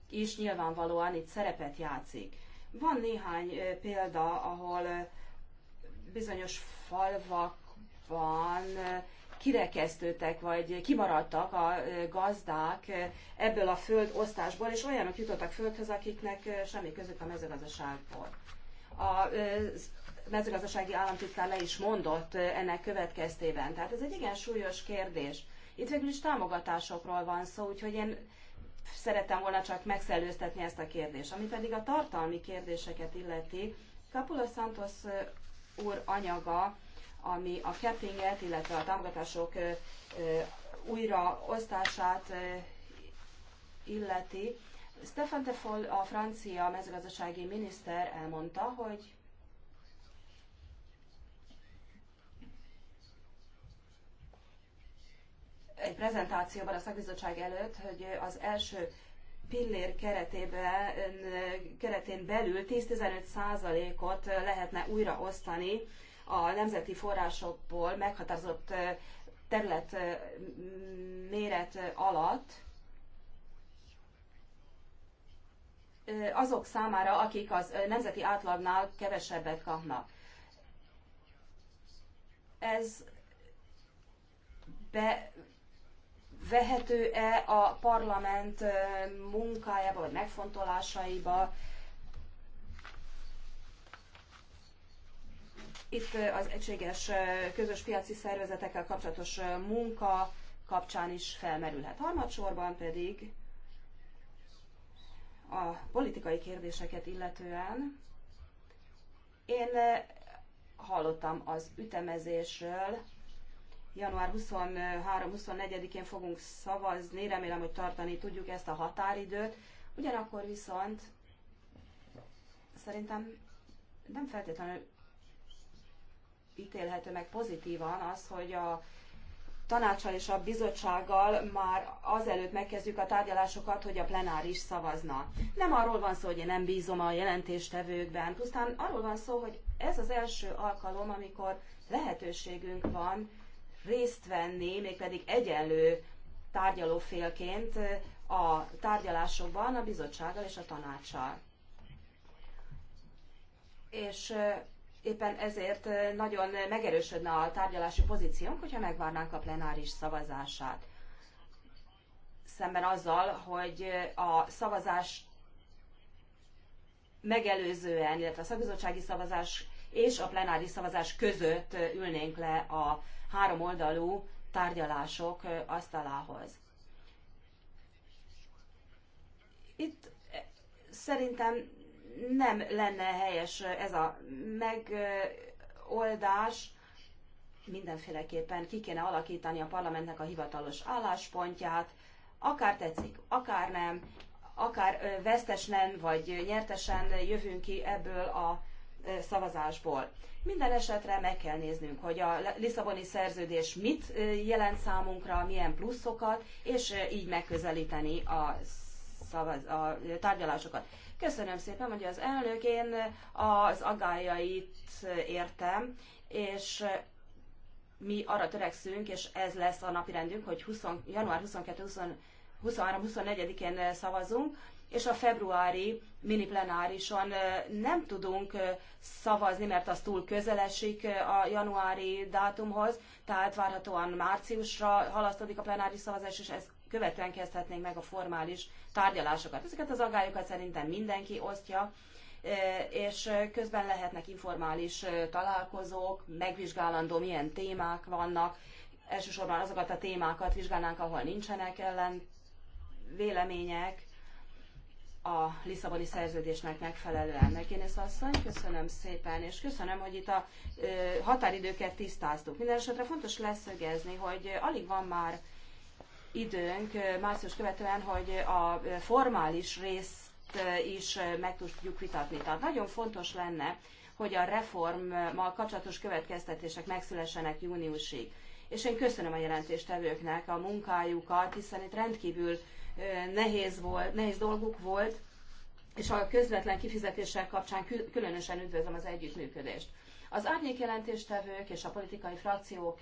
[SPEAKER 4] is nyilvánvalóan itt szerepet játszik. Van néhány példa, ahol bizonyos falvakban kirekesztődtek, vagy kimaradtak a gazdák ebből a földosztásból, és olyanok jutottak földhöz, akiknek semmi között a mezőgazdaságból. A mezőgazdasági államtitkár le is mondott ennek következtében. Tehát ez egy igen súlyos kérdés. Itt végül is támogatásokról van szó, úgyhogy én szerettem volna csak megszellőztetni ezt a kérdést. Ami pedig a tartalmi kérdéseket illeti, Capula Santos úr anyaga, ami a cappinget, illetve a támogatások újraosztását illeti. Stefan Tefol, a francia mezőgazdasági miniszter elmondta, hogy egy prezentációban a szakbizottság előtt, hogy az első pillér keretében, keretén belül 10-15 százalékot lehetne újraosztani a nemzeti forrásokból meghatározott terület méret alatt azok számára, akik az nemzeti átlagnál kevesebbet kapnak. Ez be vehető-e a parlament munkájába, vagy megfontolásaiba. Itt az egységes közös piaci szervezetekkel kapcsolatos munka kapcsán is felmerülhet. Harmadsorban pedig a politikai kérdéseket illetően én hallottam az ütemezésről, január 23-24-én fogunk szavazni, remélem, hogy tartani tudjuk ezt a határidőt. Ugyanakkor viszont szerintem nem feltétlenül ítélhető meg pozitívan az, hogy a tanácsal és a bizottsággal már azelőtt megkezdjük a tárgyalásokat, hogy a plenáris szavazna. Nem arról van szó, hogy én nem bízom a jelentéstevőkben, pusztán arról van szó, hogy ez az első alkalom, amikor lehetőségünk van részt venni, mégpedig egyenlő tárgyalófélként a tárgyalásokban a bizottsággal és a tanácssal. És éppen ezért nagyon megerősödne a tárgyalási pozíciónk, hogyha megvárnánk a plenáris szavazását. Szemben azzal, hogy a szavazás megelőzően, illetve a szakbizottsági szavazás és a plenáris szavazás között ülnénk le a három oldalú tárgyalások asztalához. Itt szerintem nem lenne helyes ez a megoldás, mindenféleképpen ki kéne alakítani a parlamentnek a hivatalos álláspontját, akár tetszik, akár nem, akár vesztesen vagy nyertesen jövünk ki ebből a szavazásból. Minden esetre meg kell néznünk, hogy a Lisszaboni szerződés mit jelent számunkra, milyen pluszokat, és így megközelíteni a, szavaz, a tárgyalásokat. Köszönöm szépen, hogy az elnök, én az agályait értem, és mi arra törekszünk, és ez lesz a napirendünk, hogy 20, január 22 23-24-én szavazunk, és a februári mini plenárison nem tudunk szavazni, mert az túl közel esik a januári dátumhoz, tehát várhatóan márciusra halasztódik a plenáris szavazás, és ezt követően kezdhetnénk meg a formális tárgyalásokat. Ezeket az agályokat szerintem mindenki osztja, és közben lehetnek informális találkozók, megvizsgálandó milyen témák vannak, elsősorban azokat a témákat vizsgálnánk, ahol nincsenek ellen vélemények, a Lisszaboni szerződésnek megfelelően. megkérdezte asszony, köszönöm szépen, és köszönöm, hogy itt a határidőket tisztáztuk. Mindenesetre fontos leszögezni, hogy alig van már időnk március követően, hogy a formális részt is meg tudjuk vitatni. Tehát nagyon fontos lenne, hogy a reformmal kapcsolatos következtetések megszülessenek júniusig. És én köszönöm a jelentéstevőknek a munkájukat, hiszen itt rendkívül nehéz, volt, nehéz dolguk volt, és a közvetlen kifizetések kapcsán különösen üdvözlöm az együttműködést. Az árnyékjelentéstevők és a politikai frakciók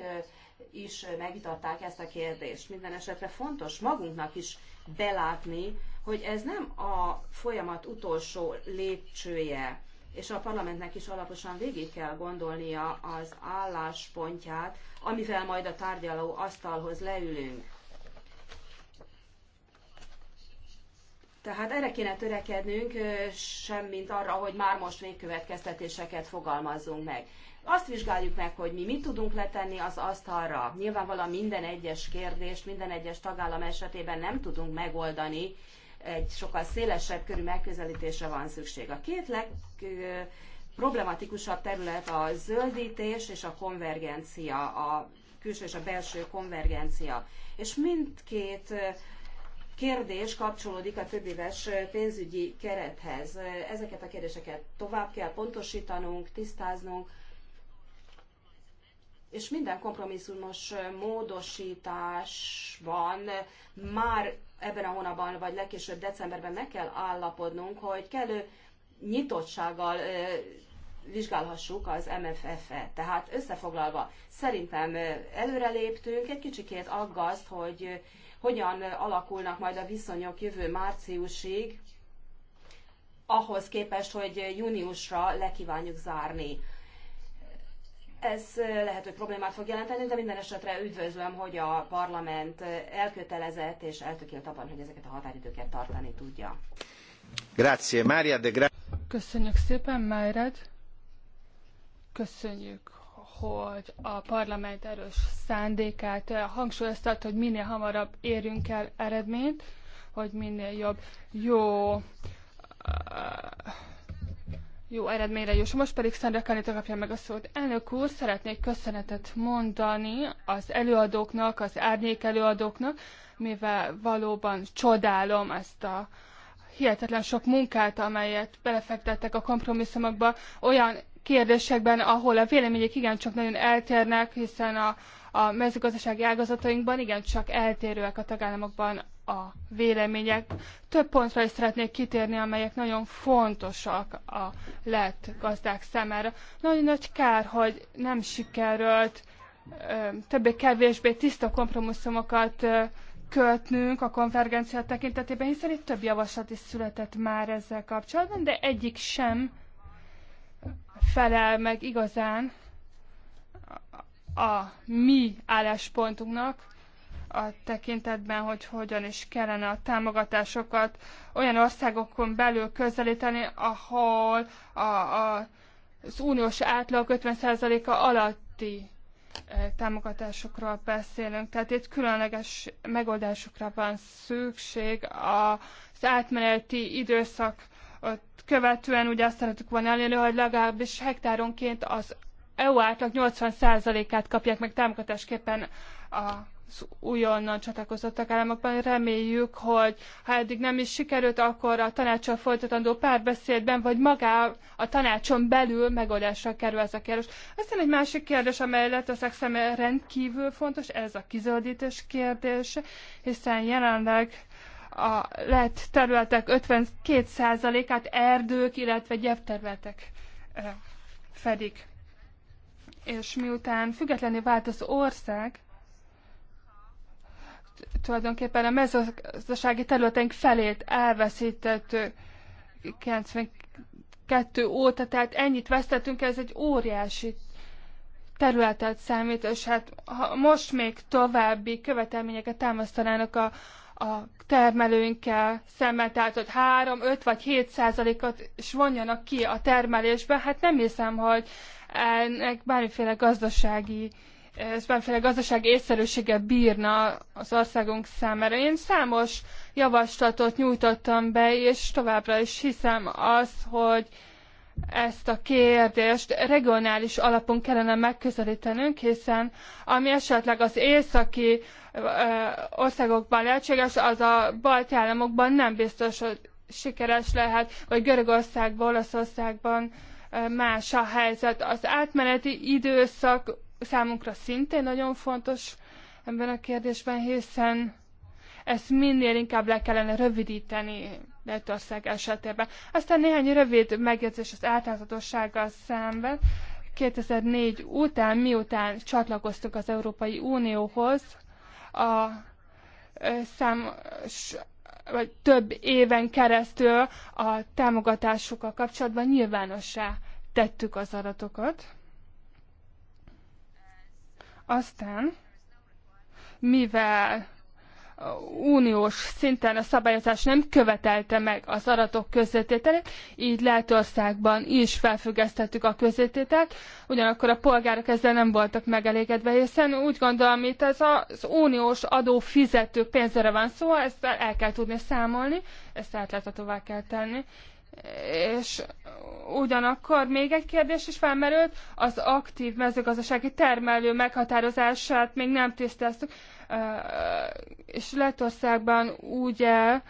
[SPEAKER 4] is megvitatták ezt a kérdést. Minden esetre fontos magunknak is belátni, hogy ez nem a folyamat utolsó lépcsője, és a parlamentnek is alaposan végig kell gondolnia az álláspontját, amivel majd a tárgyaló asztalhoz leülünk. Tehát erre kéne törekednünk, sem mint arra, hogy már most még következtetéseket fogalmazzunk meg. Azt vizsgáljuk meg, hogy mi mit tudunk letenni az asztalra. Nyilvánvalóan minden egyes kérdést, minden egyes tagállam esetében nem tudunk megoldani, egy sokkal szélesebb körű megközelítésre van szükség. A két legproblematikusabb terület a zöldítés és a konvergencia, a külső és a belső konvergencia. És mindkét kérdés kapcsolódik a éves pénzügyi kerethez. Ezeket a kérdéseket tovább kell pontosítanunk, tisztáznunk, és minden kompromisszumos módosításban már ebben a hónapban, vagy legkésőbb decemberben meg kell állapodnunk, hogy kellő nyitottsággal vizsgálhassuk az MFF-et. Tehát összefoglalva, szerintem előreléptünk, egy kicsikét aggaszt, hogy hogyan alakulnak majd a viszonyok jövő márciusig, ahhoz képest, hogy júniusra lekívánjuk zárni. Ez lehet, hogy problémát fog jelenteni, de minden esetre üdvözlöm, hogy a parlament elkötelezett és eltökélt abban, hogy ezeket a határidőket tartani tudja.
[SPEAKER 3] Grazie, Mária de Gra-
[SPEAKER 2] Köszönjük szépen, Májred. Köszönjük, hogy a parlament erős szándékát eh, hangsúlyoztat, hogy minél hamarabb érjünk el eredményt, hogy minél jobb, jó eh, jó eredményre jusson. Most pedig Szandra Kanita kapja meg a szót. Elnök úr, szeretnék köszönetet mondani az előadóknak, az árnyék előadóknak, mivel valóban csodálom ezt a hihetetlen sok munkát, amelyet belefektettek a kompromisszumokba. Olyan kérdésekben, ahol a vélemények igencsak nagyon eltérnek, hiszen a, a mezőgazdasági ágazatainkban igencsak eltérőek a tagállamokban a vélemények. Több pontra is szeretnék kitérni, amelyek nagyon fontosak a lett gazdák számára. Nagyon nagy kár, hogy nem sikerült többé-kevésbé tiszta kompromisszumokat kötnünk a konvergencia tekintetében, hiszen itt több javaslat is született már ezzel kapcsolatban, de egyik sem felel meg igazán a mi álláspontunknak, a tekintetben, hogy hogyan is kellene a támogatásokat olyan országokon belül közelíteni, ahol a, a, az uniós átlag 50%-a alatti e, támogatásokról beszélünk. Tehát itt különleges megoldásokra van szükség az átmeneti időszak ott követően ugye azt szeretük volna elérni, hogy legalábbis hektáronként az EU átlag 80%-át kapják meg támogatásképpen a újonnan csatlakozottak államokban. Reméljük, hogy ha eddig nem is sikerült, akkor a tanácsal folytatandó párbeszédben, vagy magá a tanácson belül megoldásra kerül ez a kérdés. Aztán egy másik kérdés, amely leteszek szemmel rendkívül fontos, ez a kizöldítés kérdés, hiszen jelenleg a lett területek 52%-át erdők, illetve gyepterületek fedik. És miután függetlenné vált az ország, tulajdonképpen a mezőgazdasági területeink felét elveszített 92 óta, tehát ennyit vesztettünk, ez egy óriási területet számít, és hát ha most még további követelményeket támasztanának a, a termelőinkkel szemmel tartott 3, 5 vagy 7 százalékot is vonjanak ki a termelésbe, hát nem hiszem, hogy ennek bármiféle gazdasági ez bármiféle gazdasági észszerűsége bírna az országunk számára. Én számos javaslatot nyújtottam be, és továbbra is hiszem az, hogy ezt a kérdést regionális alapon kellene megközelítenünk, hiszen ami esetleg az északi országokban lehetséges, az a balti államokban nem biztos, hogy sikeres lehet, vagy Görögországban, Olaszországban más a helyzet. Az átmeneti időszak számunkra szintén nagyon fontos ebben a kérdésben, hiszen ezt minél inkább le kellene rövidíteni Lettország esetében. Aztán néhány rövid megjegyzés az átláthatósággal szemben. 2004 után, miután csatlakoztunk az Európai Unióhoz, a szám, vagy több éven keresztül a támogatásukkal kapcsolatban nyilvánossá tettük az adatokat. Aztán, mivel uniós szinten a szabályozás nem követelte meg az adatok közzétételét, így Lettországban is felfüggesztettük a közzétételt, ugyanakkor a polgárok ezzel nem voltak megelégedve, hiszen úgy gondolom, itt ez az uniós adófizetők pénzére van szó, ezt el kell tudni számolni, ezt átláthatóvá kell tenni, és ugyanakkor még egy kérdés is felmerült, az aktív mezőgazdasági termelő meghatározását még nem tisztáztuk, és Lettországban úgy el,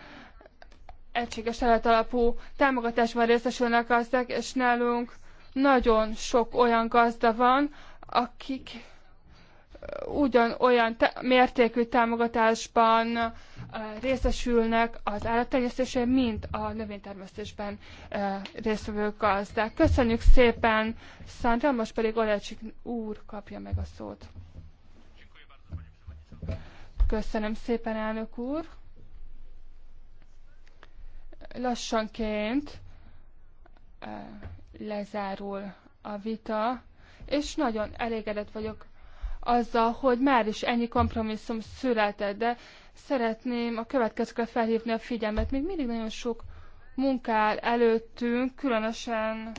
[SPEAKER 2] egységes alapú támogatásban részesülnek gazdák, és nálunk nagyon sok olyan gazda van, akik ugyanolyan mértékű támogatásban részesülnek az állattenyésztésében, mint a növénytermesztésben résztvevő gazdák. Köszönjük szépen, Szandra, most pedig Olecsik úr kapja meg a szót. Köszönöm szépen, elnök úr. Lassanként lezárul a vita, és nagyon elégedett vagyok azzal, hogy már is ennyi kompromisszum született, de szeretném a következőkre felhívni a figyelmet. Még mindig nagyon sok munkál előttünk, különösen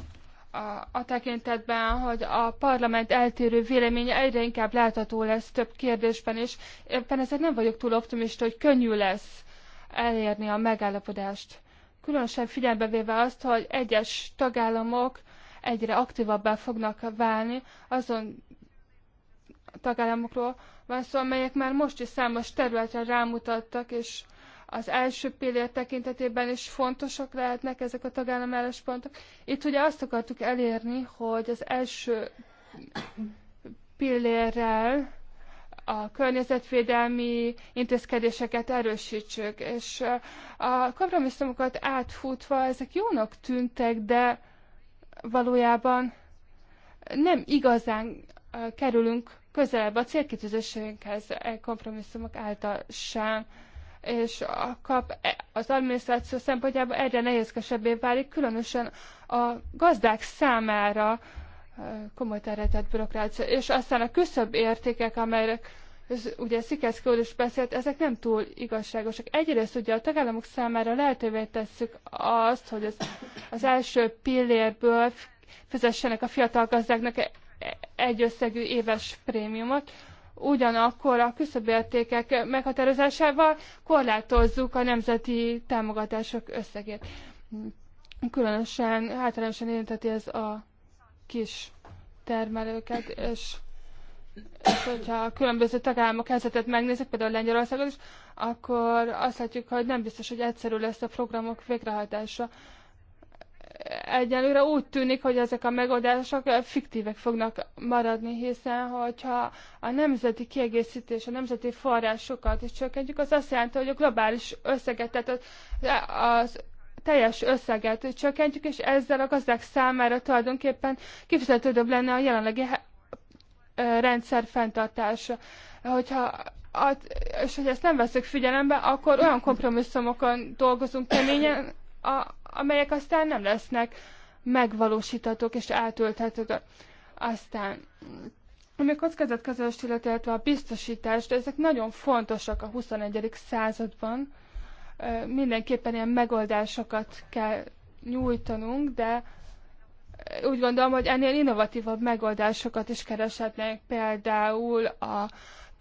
[SPEAKER 2] a, a tekintetben, hogy a parlament eltérő véleménye egyre inkább látható lesz több kérdésben, és éppen ezért nem vagyok túl optimista, hogy könnyű lesz elérni a megállapodást. Különösen figyelembe véve azt, hogy egyes tagállamok egyre aktívabbá fognak válni azon tagállamokról van szó, amelyek már most is számos területre rámutattak, és az első pillér tekintetében is fontosak lehetnek ezek a tagállam álláspontok. Itt ugye azt akartuk elérni, hogy az első pillérrel a környezetvédelmi intézkedéseket erősítsük, és eh, a kompromisszumokat átfutva ezek jónak tűntek, de valójában nem igazán eh, kerülünk közelebb a célkitűzéseinkhez e kompromisszumok által sem és a kap e, az adminisztráció szempontjából egyre nehézkesebbé válik, különösen a gazdák számára e, komoly terhetett bürokrácia. És aztán a küszöbb értékek, amelyek ez, ugye Szikeszki úr is beszélt, ezek nem túl igazságosak. Egyrészt ugye a tagállamok számára lehetővé tesszük azt, hogy az, az első pillérből fizessenek a fiatal gazdáknak egy összegű éves prémiumot, ugyanakkor a küszöbértékek meghatározásával korlátozzuk a nemzeti támogatások összegét. Különösen, általánosan érinteti ez a kis termelőket, és, és hogyha a különböző tagállamok helyzetet megnézik, például Lengyelországon is, akkor azt látjuk, hogy nem biztos, hogy egyszerű lesz a programok végrehajtása egyelőre úgy tűnik, hogy ezek a megoldások fiktívek fognak maradni, hiszen hogyha a nemzeti kiegészítés, a nemzeti forrásokat is csökkentjük, az azt jelenti, hogy a globális összeget, tehát az, az teljes összeget csökkentjük, és ezzel a gazdák számára tulajdonképpen kifizetődőbb lenne a jelenlegi rendszer fenntartása. Hogyha és hogy ezt nem veszük figyelembe, akkor olyan kompromisszumokon dolgozunk keményen, a, amelyek aztán nem lesznek megvalósíthatók és átölthetők. Aztán ami a kockázatkezelést illetve a biztosítást, ezek nagyon fontosak a 21. században. Mindenképpen ilyen megoldásokat kell nyújtanunk, de úgy gondolom, hogy ennél innovatívabb megoldásokat is kereshetnénk, például a,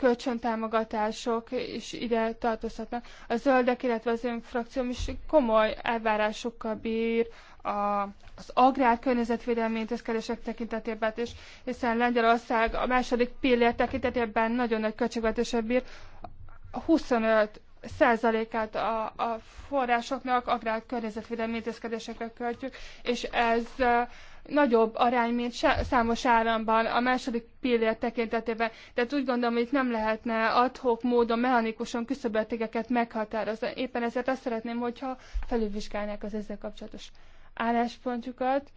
[SPEAKER 2] kölcsöntámogatások is ide tartozhatnak. A zöldek, illetve az én frakcióm is komoly elvárásokkal bír a, az agrár környezetvédelmi intézkedések tekintetében és hiszen Lengyelország a második pillér tekintetében nagyon nagy költségvetéssel bír. 25 százalékát a, a forrásoknak agrár környezetvédelmi intézkedésekre költjük, és ez nagyobb arány, mint számos államban a második pillér tekintetében. Tehát úgy gondolom, hogy itt nem lehetne adhok módon mechanikusan küszöbértékeket meghatározni. Éppen ezért azt szeretném, hogyha felülvizsgálnák az ezzel kapcsolatos álláspontjukat.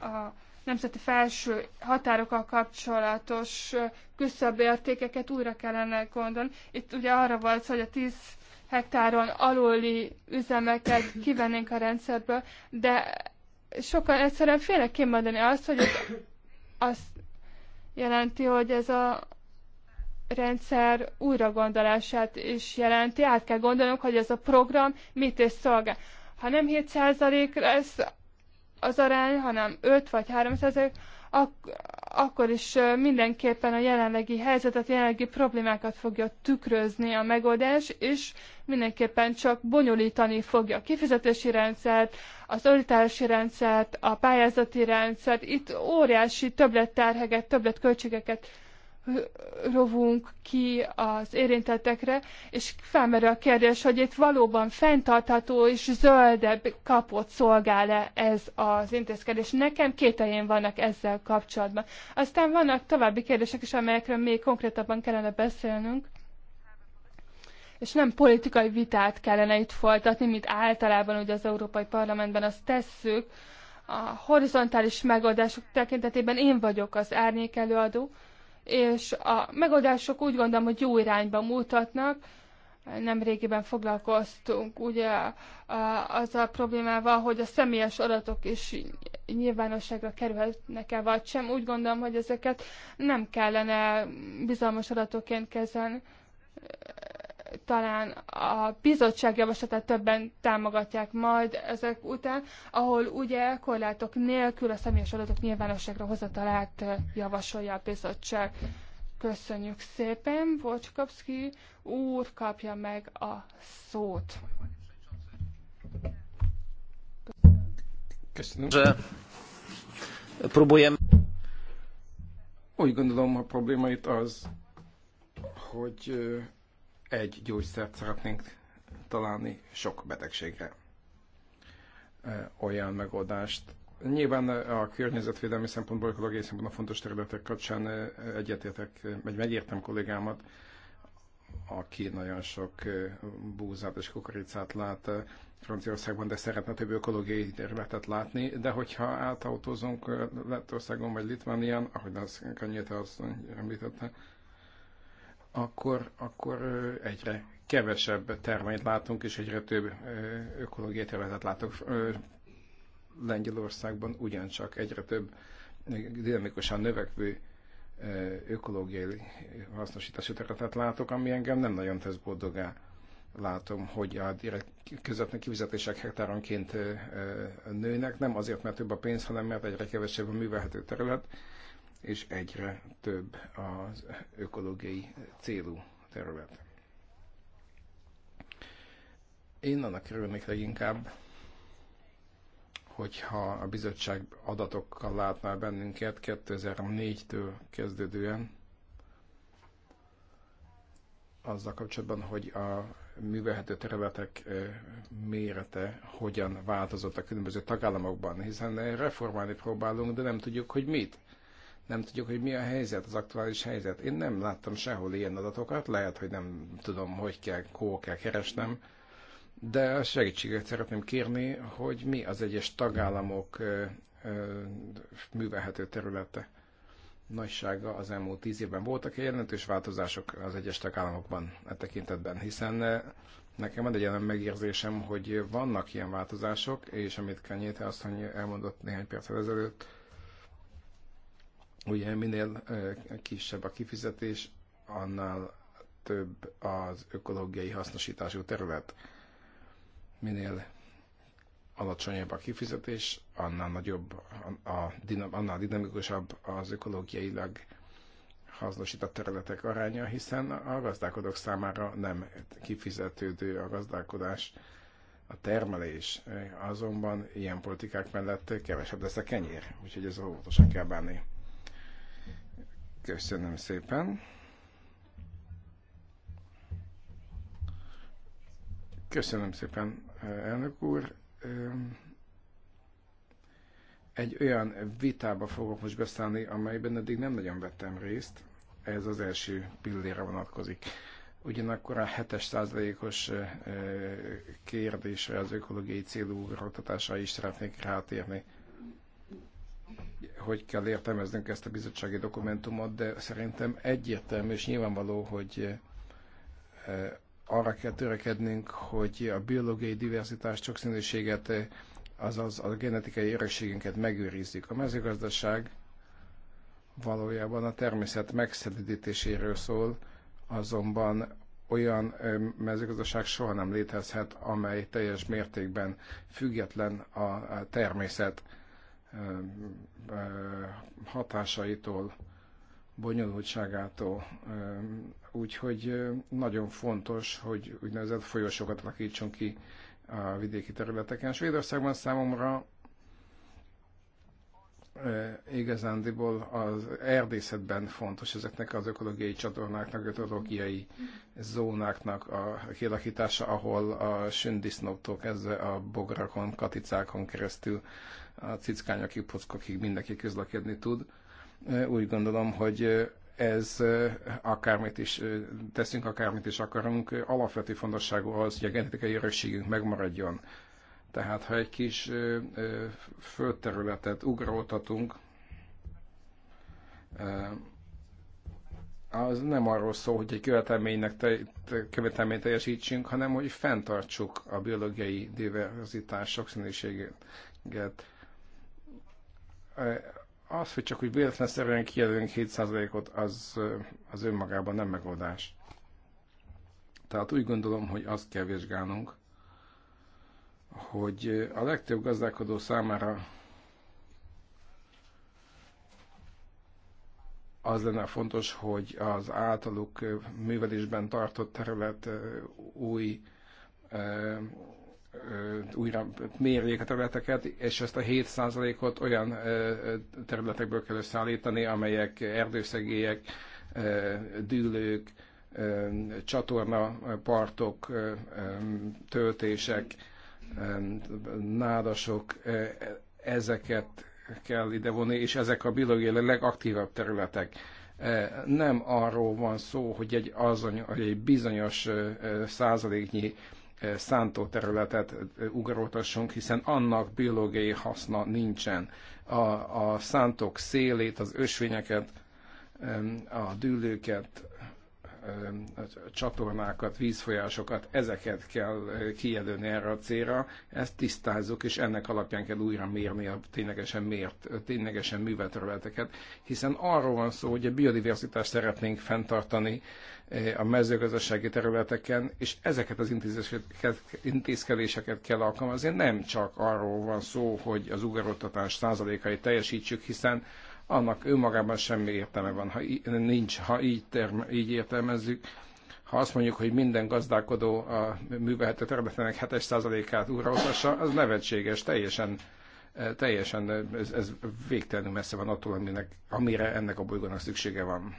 [SPEAKER 2] A nemzeti felső határokkal kapcsolatos értékeket újra kellene gondolni. Itt ugye arra volt, hogy a 10 hektáron aluli üzemeket kivennénk a rendszerből, de sokan egyszerűen félnek kimondani azt, hogy ez azt jelenti, hogy ez a rendszer újragondolását is jelenti. Át kell gondolnunk, hogy ez a program mit is szolgál. Ha nem 7% lesz az arány, hanem 5 vagy 3 ak- akkor is mindenképpen a jelenlegi helyzetet, a jelenlegi problémákat fogja tükrözni a megoldás, és mindenképpen csak bonyolítani fogja a kifizetési rendszert, az oltási rendszert, a pályázati rendszert, itt óriási többletterheget, többletköltségeket rovunk ki az érintettekre, és felmerül a kérdés, hogy itt valóban fenntartható és zöldebb kapott szolgál-e ez az intézkedés. Nekem kételjén vannak ezzel kapcsolatban. Aztán vannak további kérdések is, amelyekről még konkrétabban kellene beszélnünk és nem politikai vitát kellene itt folytatni, mint általában ugye az Európai Parlamentben azt tesszük. A horizontális megoldások tekintetében én vagyok az árnyék előadó, és a megoldások úgy gondolom, hogy jó irányba mutatnak, nem régiben foglalkoztunk ugye az a problémával, hogy a személyes adatok is nyilvánosságra kerülhetnek-e vagy sem. Úgy gondolom, hogy ezeket nem kellene bizalmas adatoként kezelni talán a bizottság javaslatát többen támogatják majd ezek után, ahol ugye korlátok nélkül a személyes adatok nyilvánosságra hozatalát eh, javasolja a bizottság. Köszönjük szépen, Vocskapszki úr kapja meg a szót.
[SPEAKER 3] Köszönöm. Próbáljam. Úgy gondolom, a probléma itt az, hogy eh, egy gyógyszert szeretnénk találni sok betegségre. Olyan megoldást. Nyilván a környezetvédelmi szempontból, ökológiai szempontból fontos területek kapcsán egyetértek, vagy megértem kollégámat, aki nagyon sok búzát és kukoricát lát Franciaországban, de szeretne több ökológiai területet látni, de hogyha átautózunk Lettországon vagy Litvánián, ahogy az Kanyéta azt említette, akkor, akkor egyre kevesebb terményt látunk, és egyre több ökológiai területet látok Lengyelországban, ugyancsak egyre több dinamikusan növekvő ökológiai hasznosítási területet látok, ami engem nem nagyon tesz boldogá. Látom, hogy a direkt közvetlen kifizetések hektáronként nőnek, nem azért, mert több a pénz, hanem mert egyre kevesebb a művelhető terület és egyre több az ökológiai célú terület. Én annak örülnék leginkább, hogyha a bizottság adatokkal látná bennünket 2004-től kezdődően, azzal kapcsolatban, hogy a művelhető területek mérete hogyan változott a különböző tagállamokban, hiszen reformálni próbálunk, de nem tudjuk, hogy mit nem tudjuk, hogy mi a helyzet, az aktuális helyzet. Én nem láttam sehol ilyen adatokat, lehet, hogy nem tudom, hogy kell, hol kell keresnem, de a segítséget szeretném kérni, hogy mi az egyes tagállamok művelhető területe nagysága az elmúlt tíz évben voltak -e jelentős változások az egyes tagállamokban e tekintetben, hiszen nekem van egy olyan megérzésem, hogy vannak ilyen változások, és amit Kenyéte asszony elmondott néhány perccel ezelőtt, Ugye minél kisebb a kifizetés, annál több az ökológiai hasznosítású terület. Minél alacsonyabb a kifizetés, annál nagyobb, a, a, annál dinamikusabb az ökológiailag hasznosított területek aránya, hiszen a gazdálkodók számára nem kifizetődő a gazdálkodás, a termelés. Azonban ilyen politikák mellett kevesebb lesz a kenyér, úgyhogy ez óvatosan kell bánni. Köszönöm szépen. Köszönöm szépen, elnök úr. Egy olyan vitába fogok most beszállni, amelyben eddig nem nagyon vettem részt. Ez az első pillére vonatkozik. Ugyanakkor a 7%-os kérdésre az ökológiai célú oktatásra is szeretnék rátérni hogy kell értelmeznünk ezt a bizottsági dokumentumot, de szerintem egyértelmű és nyilvánvaló, hogy eh, arra kell törekednünk, hogy a biológiai diverzitás, sokszínűséget, eh, azaz a genetikai örökségünket megőrizzük. A mezőgazdaság valójában a természet megszedítéséről szól, azonban olyan eh, mezőgazdaság soha nem létezhet, amely teljes mértékben független a természet hatásaitól, bonyolultságától. Úgyhogy nagyon fontos, hogy úgynevezett folyosókat alakítson ki a vidéki területeken. Svédországban számomra igazándiból az erdészetben fontos ezeknek az ökológiai csatornáknak, ökológiai zónáknak a kialakítása, ahol a sündisznóktól kezdve a bogarakon, katicákon keresztül a cickányokig, pockokig mindenki közlekedni tud. Úgy gondolom, hogy ez akármit is teszünk, akármit is akarunk, alapvető fontosságú az, hogy a genetikai örökségünk megmaradjon. Tehát ha egy kis földterületet ugráltatunk, az nem arról szól, hogy egy követelménynek te, követelmény teljesítsünk, hanem hogy fenntartsuk a biológiai diverzitás sokszínűségét. Eh, az, hogy csak úgy szerűen kijelölünk 7%-ot, az, eh, az önmagában nem megoldás. Tehát úgy gondolom, hogy azt kell vizsgálnunk, hogy eh, a legtöbb gazdálkodó számára az lenne fontos, hogy az általuk művelésben tartott terület új újra mérjék a területeket, és ezt a 7%-ot olyan területekből kell összeállítani, amelyek erdőszegélyek, dűlők, csatorna partok, töltések, nádasok, ezeket kell idevonni, és ezek a biológiai legaktívabb területek. Nem arról van szó, hogy egy, azony, hogy egy bizonyos százaléknyi Eh, szántóterületet eh, ugaroltassunk, hiszen annak biológiai haszna nincsen. A, a szántók szélét, az ösvényeket, a dűlőket, csatornákat, vízfolyásokat, ezeket kell kijelölni erre a célra, ezt tisztázzuk, és ennek alapján kell újra mérni a ténylegesen mért, ténylegesen művelt hiszen arról van szó, hogy a biodiversitást szeretnénk fenntartani a mezőgazdasági területeken, és ezeket az intézkedéseket kell alkalmazni. Nem csak arról van szó, hogy az ugarottatás százalékait teljesítsük, hiszen annak önmagában semmi értelme van, ha nincs, ha így, term, így értelmezzük. Ha azt mondjuk, hogy minden gazdálkodó a művelhető területének 7%-át újrahozhassa, az nevetséges, teljesen, e, teljesen e, ez, ez végtelenül messze van attól, aminek, amire ennek a bolygónak szüksége van.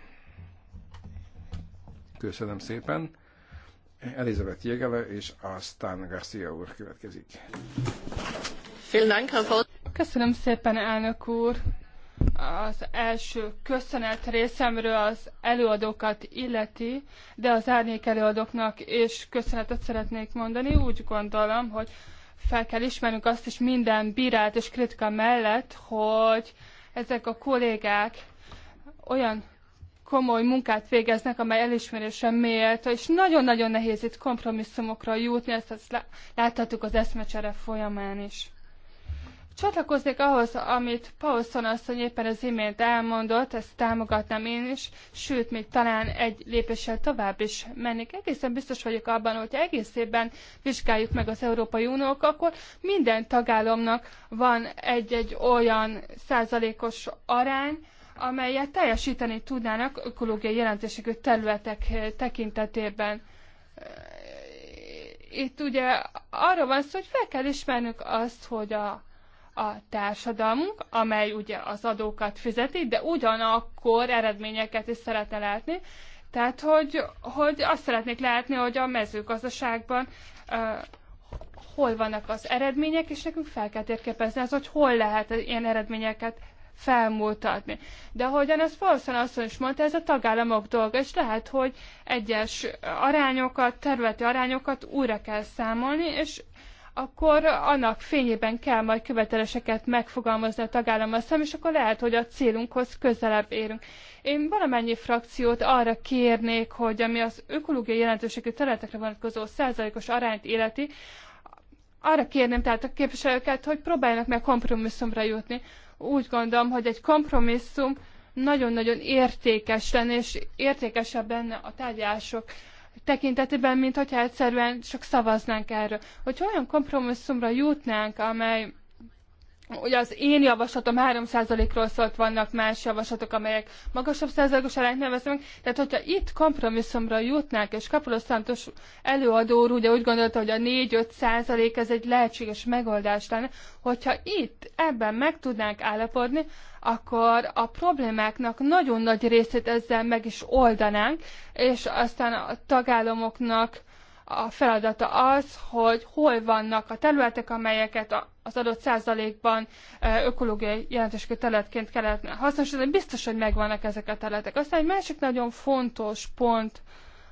[SPEAKER 3] Köszönöm szépen. Elizabeth Jégele, és aztán Garcia úr következik.
[SPEAKER 2] Köszönöm szépen, elnök úr! az első köszönet részemről az előadókat illeti, de az árnyék előadóknak és köszönetet szeretnék mondani. Úgy gondolom, hogy fel kell ismernünk azt is minden bírált és kritika mellett, hogy ezek a kollégák olyan komoly munkát végeznek, amely elismerésre méltó, és nagyon-nagyon nehéz itt kompromisszumokra jutni, ezt, ezt láthatjuk az eszmecsere folyamán is. Csatlakoznék ahhoz, amit Paulson asszony éppen az imént elmondott, ezt támogatnám én is, sőt, még talán egy lépéssel tovább is mennék. Egészen biztos vagyok abban, hogy egész évben vizsgáljuk meg az Európai Uniók, akkor minden tagállamnak van egy-egy olyan százalékos arány, amelyet teljesíteni tudnának ökológiai jelentőségű területek tekintetében itt ugye arról van szó, hogy fel kell ismernünk azt, hogy a a társadalmunk, amely ugye az adókat fizeti, de ugyanakkor eredményeket is szeretne látni. Tehát, hogy, hogy azt szeretnék látni, hogy a mezőgazdaságban uh, hol vannak az eredmények, és nekünk fel kell térképezni az, hogy hol lehet ilyen eredményeket felmutatni. De ahogyan ezt Paulson asszony is mondta, ez a tagállamok dolga, és lehet, hogy egyes arányokat, területi arányokat újra kell számolni, és akkor annak fényében kell majd követeléseket megfogalmazni a tagállammal szemben, és akkor lehet, hogy a célunkhoz közelebb érünk. Én valamennyi frakciót arra kérnék, hogy ami az ökológiai jelentőségű területekre vonatkozó százalékos arányt életi, arra kérném tehát a képviselőket, hogy próbáljanak meg kompromisszumra jutni. Úgy gondolom, hogy egy kompromisszum nagyon-nagyon értékes lenne, és értékesebb lenne a tárgyalások tekintetében, mint hogyha egyszerűen csak szavaznánk erről. Hogy olyan kompromisszumra jutnánk, amely Ugye az én javaslatom 3%-ról szólt, vannak más javaslatok, amelyek magasabb százalékos arányt neveznek. Tehát, hogyha itt kompromisszumra jutnánk, és Kapulos előadó úr ugye úgy gondolta, hogy a 4-5 ez egy lehetséges megoldás lenne, hogyha itt ebben meg tudnánk állapodni, akkor a problémáknak nagyon nagy részét ezzel meg is oldanánk, és aztán a tagállamoknak a feladata az, hogy hol vannak a területek, amelyeket az adott százalékban ökológiai jelentőségű területként kellene hasznosítani. Biztos, hogy megvannak ezek a területek. Aztán egy másik nagyon fontos pont,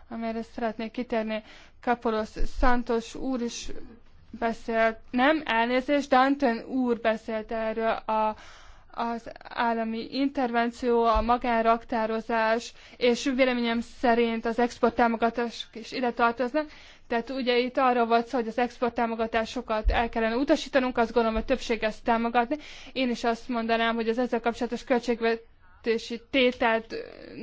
[SPEAKER 2] amelyre szeretnék kitérni, Kapolos Santos úr is beszélt, nem elnézést, Danton úr beszélt erről a, az állami intervenció, a magánraktározás, és véleményem szerint az exporttámogatások is ide tartoznak. Tehát ugye itt arra volt szó, hogy az exporttámogatásokat el kellene utasítanunk, azt gondolom, hogy többség ezt támogatni. Én is azt mondanám, hogy az ezzel kapcsolatos költségvetési tételt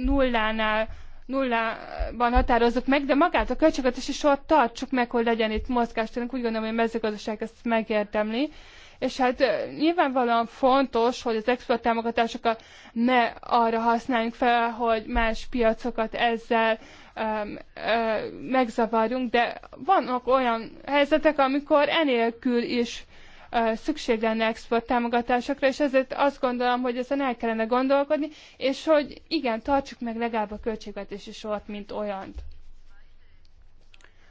[SPEAKER 2] nullánál nullában határozzuk meg, de magát a költségvetési sort tartsuk meg, hogy legyen itt mozgástérünk. Úgy gondolom, hogy a mezőgazdaság ezt megérdemli és hát nyilvánvalóan fontos, hogy az export támogatásokat ne arra használjunk fel, hogy más piacokat ezzel um, um, megzavarjunk, de vannak olyan helyzetek, amikor enélkül is szükség lenne export támogatásokra, és ezért azt gondolom, hogy ezen el kellene gondolkodni, és hogy igen, tartsuk meg legalább a költségvetési sort, mint olyant.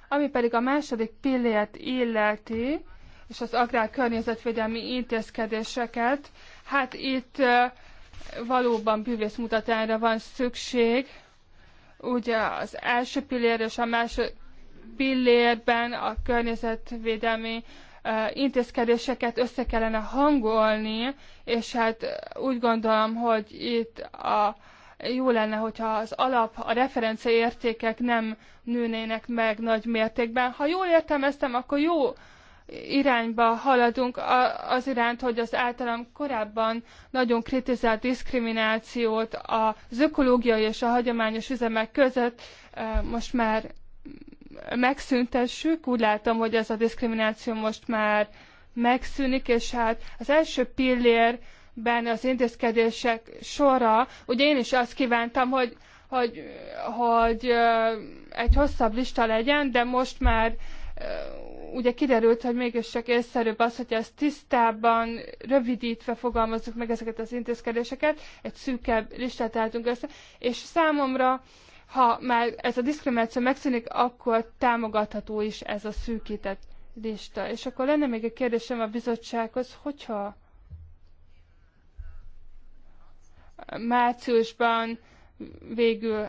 [SPEAKER 2] Ami pedig a második pillért illeti, és az agrár környezetvédelmi intézkedéseket. Hát itt valóban bűvész mutatányra van szükség. Ugye az első pillér és a második pillérben a környezetvédelmi intézkedéseket össze kellene hangolni, és hát úgy gondolom, hogy itt a, jó lenne, hogyha az alap, a referenciaértékek értékek nem nőnének meg nagy mértékben. Ha jól értelmeztem, akkor jó irányba haladunk az iránt, hogy az általam korábban nagyon kritizált diszkriminációt az ökológiai és a hagyományos üzemek között eh, most már megszüntessük. Úgy látom, hogy ez a diszkrimináció most már megszűnik, és hát az első pillérben az intézkedések sora, ugye én is azt kívántam, hogy, hogy, hogy eh, egy hosszabb lista legyen, de most már ugye kiderült, hogy mégiscsak észszerűbb az, hogy ezt tisztában, rövidítve fogalmazzuk meg ezeket az intézkedéseket, egy szűkebb listát álltunk össze, és számomra, ha már ez a diszkrimináció megszűnik, akkor támogatható is ez a szűkített lista. És akkor lenne még egy kérdésem a bizottsághoz, hogyha márciusban végül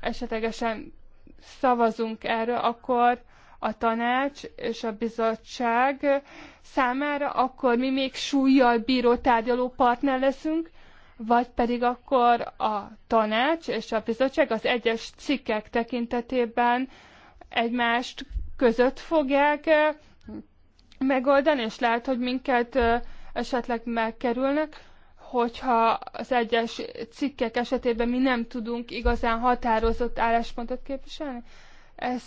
[SPEAKER 2] esetlegesen szavazunk erről, akkor a tanács és a bizottság számára, akkor mi még súlyjal bíró tárgyaló partner leszünk, vagy pedig akkor a tanács és a bizottság az egyes cikkek tekintetében egymást között fogják megoldani, és lehet, hogy minket esetleg megkerülnek, hogyha az egyes cikkek esetében mi nem tudunk igazán határozott álláspontot képviselni. Ez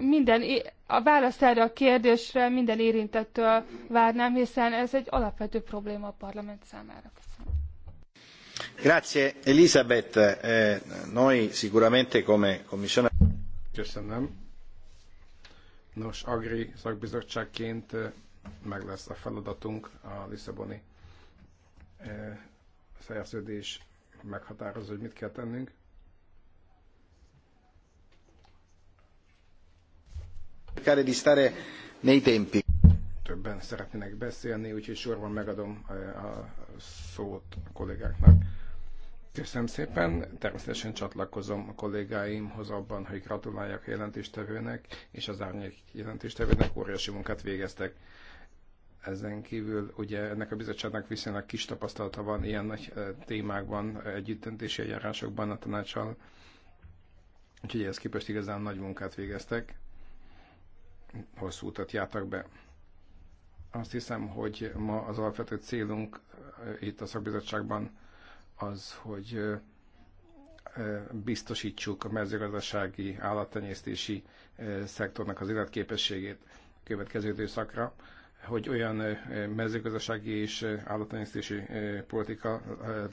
[SPEAKER 2] minden, a válasz erre a kérdésre minden érintettől várnám, hiszen ez egy alapvető probléma a parlament számára. Köszönöm.
[SPEAKER 3] Grazie Elisabeth, eh, noi sicuramente come commissione... Köszönöm. Nos, Agri szakbizottságként eh, meg lesz a feladatunk a Lisszaboni eh, szerződés meghatározó, hogy mit kell tennünk Care di stare nei tempi. Többen szeretnének beszélni, úgyhogy sorban megadom eh, a szót a kollégáknak. Köszönöm szépen, természetesen csatlakozom a kollégáimhoz abban, hogy gratuláljak a jelentéstevőnek, és az árnyék jelentéstevőnek óriási munkát végeztek. Ezen kívül ugye ennek a bizottságnak viszonylag kis tapasztalata van ilyen nagy eh, témákban, együttöntési eljárásokban a tanácsal, úgyhogy ehhez képest igazán nagy munkát végeztek hosszú utat jártak be. Azt hiszem, hogy ma az alapvető célunk eh, itt a szakbizottságban az, hogy eh, eh, biztosítsuk a mezőgazdasági állattenyésztési szektornak az életképességét a következő időszakra, hogy olyan mezőgazdasági és állattenyésztési politika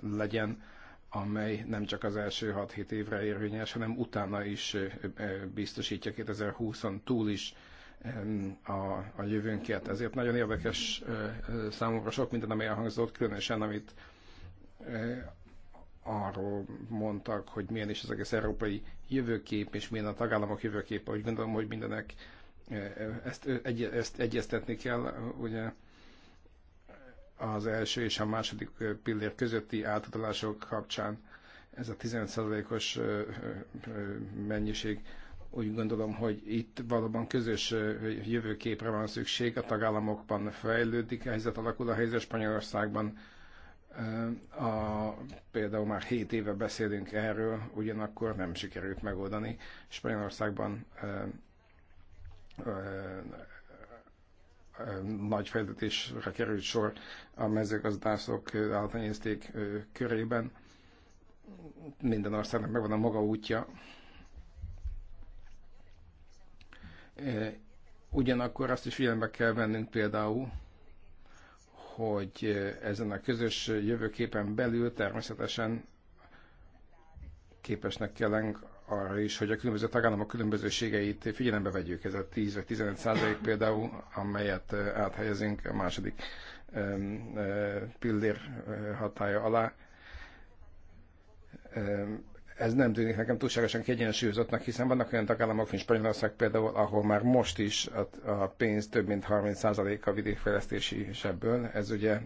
[SPEAKER 3] legyen, amely nem csak az első 6-7 évre érvényes, hanem utána is biztosítja 2020-on túl is a, a jövőnket. Ezért nagyon érdekes számomra sok minden, ami elhangzott, különösen amit arról mondtak, hogy milyen is az egész európai jövőkép, és milyen a tagállamok jövőképe. Úgy gondolom, hogy mindenek ezt, egy, ezt egyeztetni kell, ugye az első és a második pillér közötti átadalások kapcsán ez a 15%-os mennyiség úgy gondolom, hogy itt valóban közös jövőképre van szükség, a tagállamokban fejlődik a helyzet, alakul a helyzet Spanyolországban. A, például már 7 éve beszélünk erről, ugyanakkor nem sikerült megoldani. Spanyolországban e, e, e, nagy fejlődésre került sor a mezőgazdászok állatanyészték körében. Minden országnak megvan a maga útja, Ugyanakkor azt is figyelembe kell vennünk például, hogy ezen a közös jövőképen belül természetesen képesnek kell arra is, hogy a különböző tagállamok különbözőségeit figyelembe vegyük. Ez a 10 vagy 15 százalék például, amelyet áthelyezünk a második pillér hatája alá ez nem tűnik nekem túlságosan kiegyensúlyozottnak, hiszen vannak olyan tagállamok, mint Spanyolország például, ahol már most is a, a pénz több mint 30% a vidékfejlesztési sebből. Ez ugye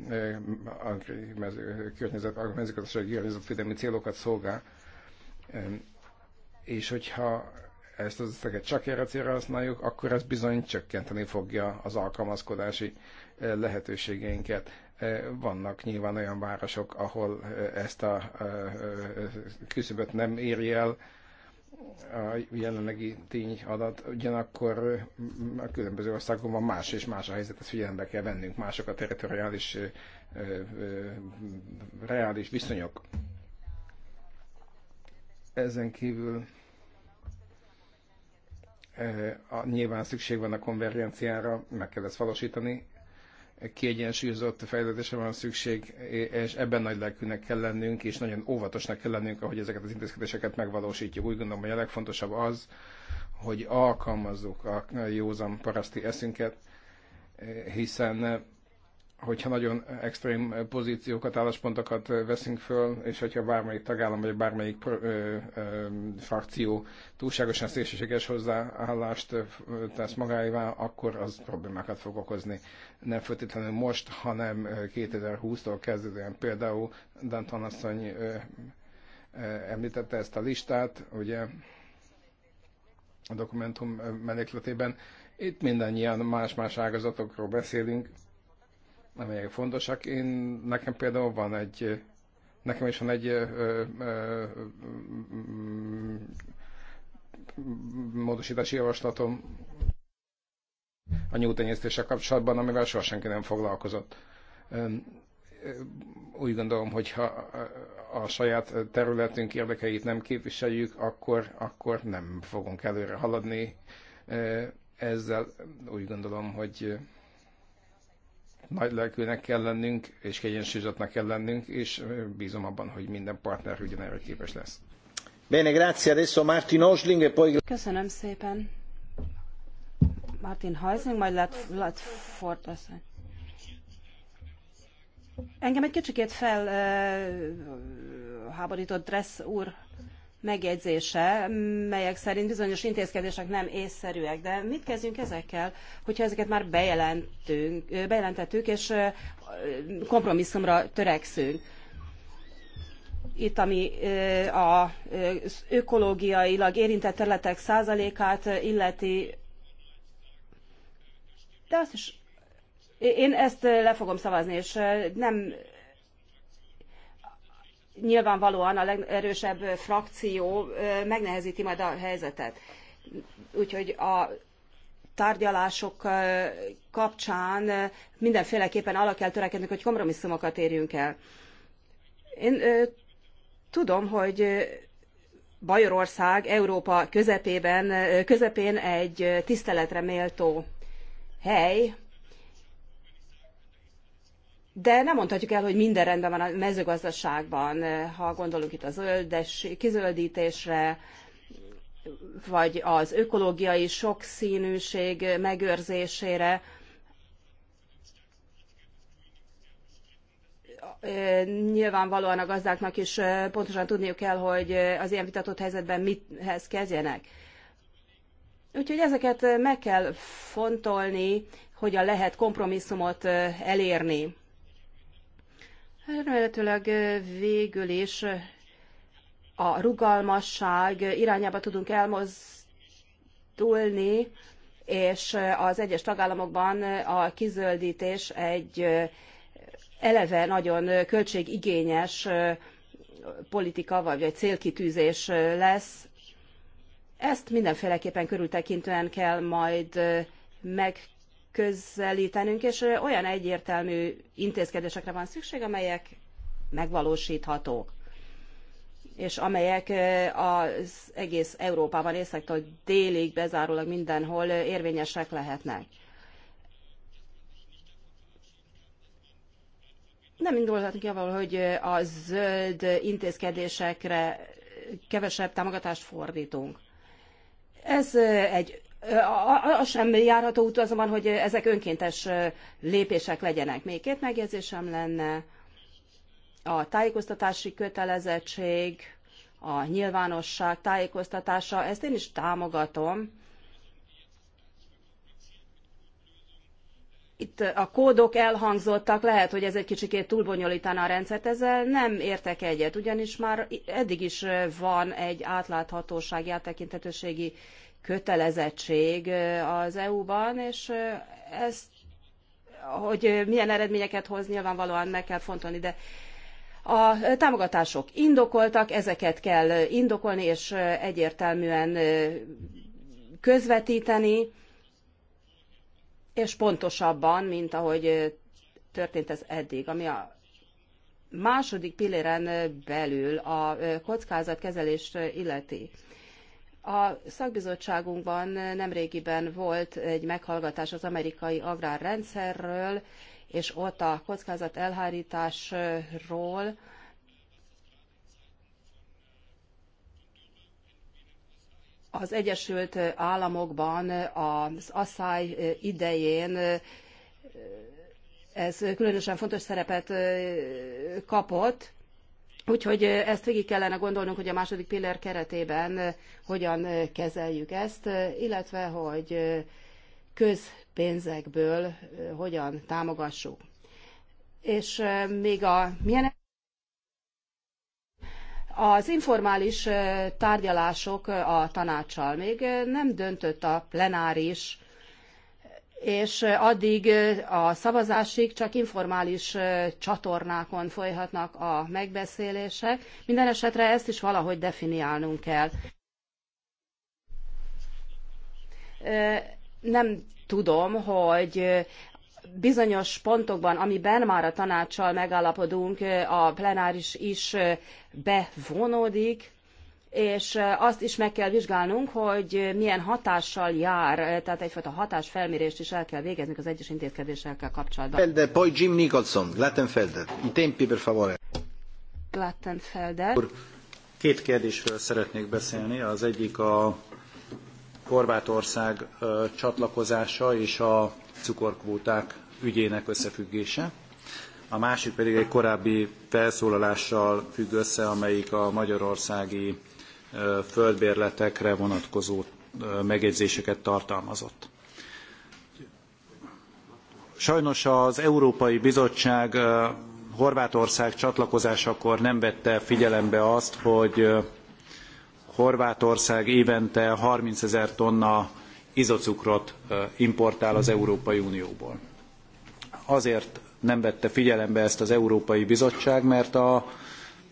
[SPEAKER 3] a környezet, a mezőgazdasági környezetvédelmi célokat szolgál. És hogyha ezt az összeget csak erre célra használjuk, akkor ez bizony csökkenteni fogja az alkalmazkodási lehetőségeinket. Eh, vannak nyilván olyan városok, ahol eh, ezt a eh, küszöböt nem éri el a jelenlegi tényadat, ugyanakkor a különböző országokban más és más a helyzet, ezt figyelembe kell vennünk, mások a territoriális reális viszonyok. Ezen kívül a, nyilván szükség van a konvergenciára, meg kell ezt valósítani, kiegyensúlyozott fejlődésre van szükség, és ebben nagy lelkűnek kell lennünk, és nagyon óvatosnak kell lennünk, ahogy ezeket az intézkedéseket megvalósítjuk. Úgy gondolom, hogy a legfontosabb az, hogy alkalmazzuk a józan paraszti eszünket, hiszen hogyha nagyon extrém pozíciókat, álláspontokat veszünk föl, és hogyha bármelyik tagállam vagy bármelyik ö, ö, frakció túlságosan szélsőséges hozzáállást tesz magáévá, akkor az problémákat fog okozni. Nem feltétlenül most, hanem 2020-tól kezdődően például Danton asszony ö, említette ezt a listát, ugye a dokumentum menekletében. Itt mindannyian más-más ágazatokról beszélünk, amelyek fontosak. Én, nekem például van egy, nekem is van egy ö, ö, módosítási javaslatom a nyúltenyésztéssel kapcsolatban, amivel soha senki nem foglalkozott. Úgy gondolom, hogy ha a saját területünk érdekeit nem képviseljük, akkor, akkor nem fogunk előre haladni ezzel. Úgy gondolom, hogy nagy lelkűnek kell lennünk, és kegyensúlyozatnak kell lennünk, és bízom abban, hogy minden partner ugyanerre képes lesz. Bene, grazie. Adesso Martin Osling, e poi... Köszönöm szépen.
[SPEAKER 4] Martin Heusling, majd Latford asszony. Engem egy kicsikét fel háborított Dress úr megjegyzése, melyek szerint bizonyos intézkedések nem észszerűek. De mit kezdjünk ezekkel, hogyha ezeket már bejelentünk, bejelentettük, és kompromisszumra törekszünk? Itt, ami az ökológiailag érintett területek százalékát illeti, de azt is én ezt le fogom szavazni, és nem nyilvánvalóan a legerősebb frakció megnehezíti majd a helyzetet. Úgyhogy a tárgyalások kapcsán mindenféleképpen arra kell törekednünk, hogy kompromisszumokat érjünk el. Én tudom, hogy Bajorország Európa közepében, közepén egy tiszteletre méltó hely, de nem mondhatjuk el, hogy minden rendben van a mezőgazdaságban, eh, ha gondolunk itt a zöldes kizöldítésre, vagy az ökológiai sokszínűség megőrzésére. Eh, nyilvánvalóan a gazdáknak is eh, pontosan tudniuk kell, hogy az ilyen vitatott helyzetben mithez kezdjenek. Úgyhogy ezeket meg kell fontolni, hogyan lehet kompromisszumot elérni. Remélhetőleg végül is a rugalmasság irányába tudunk elmozdulni, és az egyes tagállamokban a kizöldítés egy eleve nagyon költségigényes politika vagy egy célkitűzés lesz. Ezt mindenféleképpen körültekintően kell majd meg megközelítenünk, és olyan egyértelmű intézkedésekre van szükség, amelyek megvalósíthatók és amelyek az egész Európában északtól délig bezárólag mindenhol érvényesek lehetnek. Nem indulhatunk javul, hogy a zöld intézkedésekre kevesebb támogatást fordítunk. Ez egy az sem járható út azonban, hogy ezek önkéntes lépések legyenek. Még két megjegyzésem lenne. A tájékoztatási kötelezettség, a nyilvánosság tájékoztatása, ezt én is támogatom. Itt a kódok elhangzottak, lehet, hogy ez egy kicsikét túlbonyolítaná a rendszert, ezzel nem értek egyet, ugyanis már eddig is van egy átláthatósági, áttekintetőségi kötelezettség az EU-ban, és ezt, hogy milyen eredményeket hoz, nyilvánvalóan meg kell fontolni, de a támogatások indokoltak, ezeket kell indokolni és egyértelműen közvetíteni, és pontosabban, mint ahogy történt ez eddig, ami a második pilléren belül a kockázatkezelést illeti. A szakbizottságunkban nemrégiben volt egy meghallgatás az amerikai agrárrendszerről, és ott a kockázat elhárításról, az Egyesült Államokban az asszály idején ez különösen fontos szerepet kapott, Úgyhogy ezt végig kellene gondolnunk, hogy a második pillér keretében hogyan kezeljük ezt, illetve hogy közpénzekből hogyan támogassuk. És még a milyen az informális tárgyalások a tanácssal még nem döntött a plenáris és addig a szavazásig csak informális csatornákon folyhatnak a megbeszélések. Minden esetre ezt is valahogy definiálnunk kell. Nem tudom, hogy bizonyos pontokban, amiben már a tanácssal megállapodunk, a plenáris is bevonódik, és azt is meg kell vizsgálnunk, hogy milyen hatással jár, tehát egyfajta hatásfelmérést is el kell végeznünk az egyes intézkedésekkel kapcsolatban. Felder,
[SPEAKER 3] poi Jim Nicholson, Glattenfelder,
[SPEAKER 1] i tempi per favore.
[SPEAKER 4] Glattenfelder.
[SPEAKER 1] Két kérdésről szeretnék beszélni, az egyik a Horvátország csatlakozása és a cukorkvóták ügyének összefüggése. A másik pedig egy korábbi felszólalással függ össze, amelyik a magyarországi földbérletekre vonatkozó megjegyzéseket tartalmazott. Sajnos az Európai Bizottság Horvátország csatlakozásakor nem vette figyelembe azt, hogy Horvátország évente 30 ezer tonna izocukrot importál az Európai Unióból. Azért nem vette figyelembe ezt az Európai Bizottság, mert a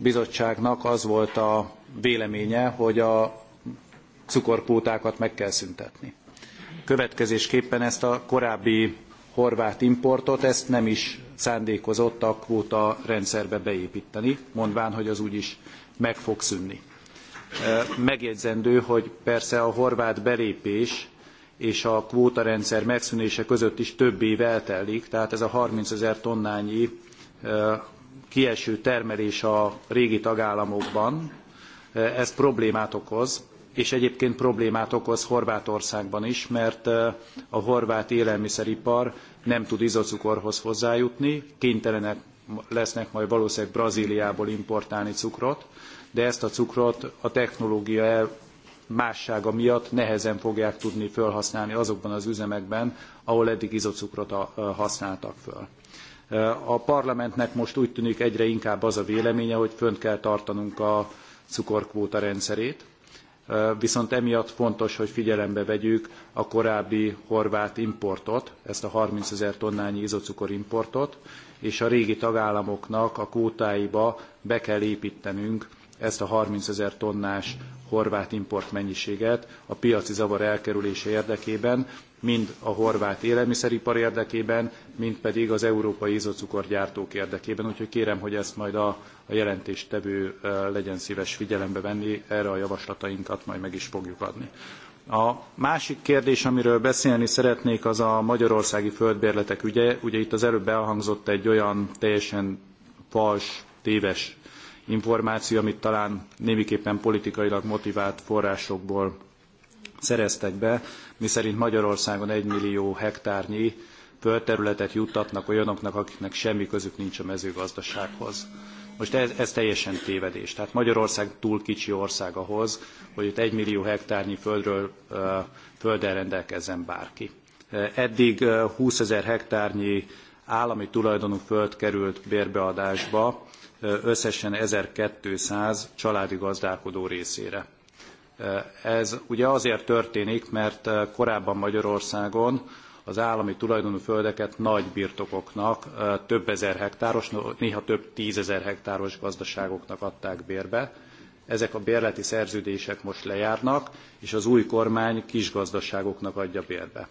[SPEAKER 1] bizottságnak az volt a véleménye, hogy a cukorkvótákat meg kell szüntetni. Következésképpen ezt a korábbi horvát importot, ezt nem is szándékozott a kvóta rendszerbe beépíteni, mondván, hogy az úgyis meg fog szűnni. Megjegyzendő, hogy persze a horvát belépés és a kvótarendszer megszűnése között is több év eltelik, tehát ez a 30 ezer tonnányi kieső termelés a régi tagállamokban, ez problémát okoz, és egyébként problémát okoz Horvátországban is, mert a horvát élelmiszeripar nem tud izocukorhoz hozzájutni, kénytelenek lesznek majd valószínűleg Brazíliából importálni cukrot, de ezt a cukrot a technológia mássága miatt nehezen fogják tudni felhasználni azokban az üzemekben, ahol eddig izocukrot használtak föl. A parlamentnek most úgy tűnik egyre inkább az a véleménye, hogy fönt kell tartanunk a cukorkvóta rendszerét, viszont emiatt fontos, hogy figyelembe vegyük a korábbi horvát importot, ezt a 30 ezer tonnányi importot, és a régi tagállamoknak a kvótáiba be kell építenünk ezt a 30 ezer tonnás horvát import mennyiséget a piaci zavar elkerülése érdekében, mind a horvát élelmiszeripar érdekében, mind pedig az európai izocukorgyártók érdekében. Úgyhogy kérem, hogy ezt majd a, a jelentéstevő legyen szíves figyelembe venni, erre a javaslatainkat majd meg is fogjuk adni. A másik kérdés, amiről beszélni szeretnék, az a magyarországi földbérletek ügye. Ugye itt az előbb elhangzott egy olyan teljesen fals, téves információ, amit talán némiképpen politikailag motivált forrásokból szereztek be, miszerint Magyarországon 1 millió hektárnyi földterületet juttatnak olyanoknak, akiknek semmi közük nincs a mezőgazdasághoz. Most ez, ez teljesen tévedés. Tehát Magyarország túl kicsi ország ahhoz, hogy itt 1 millió hektárnyi földről, földdel rendelkezzen bárki. Eddig 20 ezer hektárnyi állami tulajdonú föld került bérbeadásba összesen 1200 családi gazdálkodó részére. Eh, ez ugye azért történik, mert eh, korábban Magyarországon az állami tulajdonú földeket nagy birtokoknak, eh, több ezer hektáros, néha több tízezer hektáros gazdaságoknak adták bérbe. Ezek a bérleti szerződések most lejárnak, és az új kormány kis gazdaságoknak adja bérbe.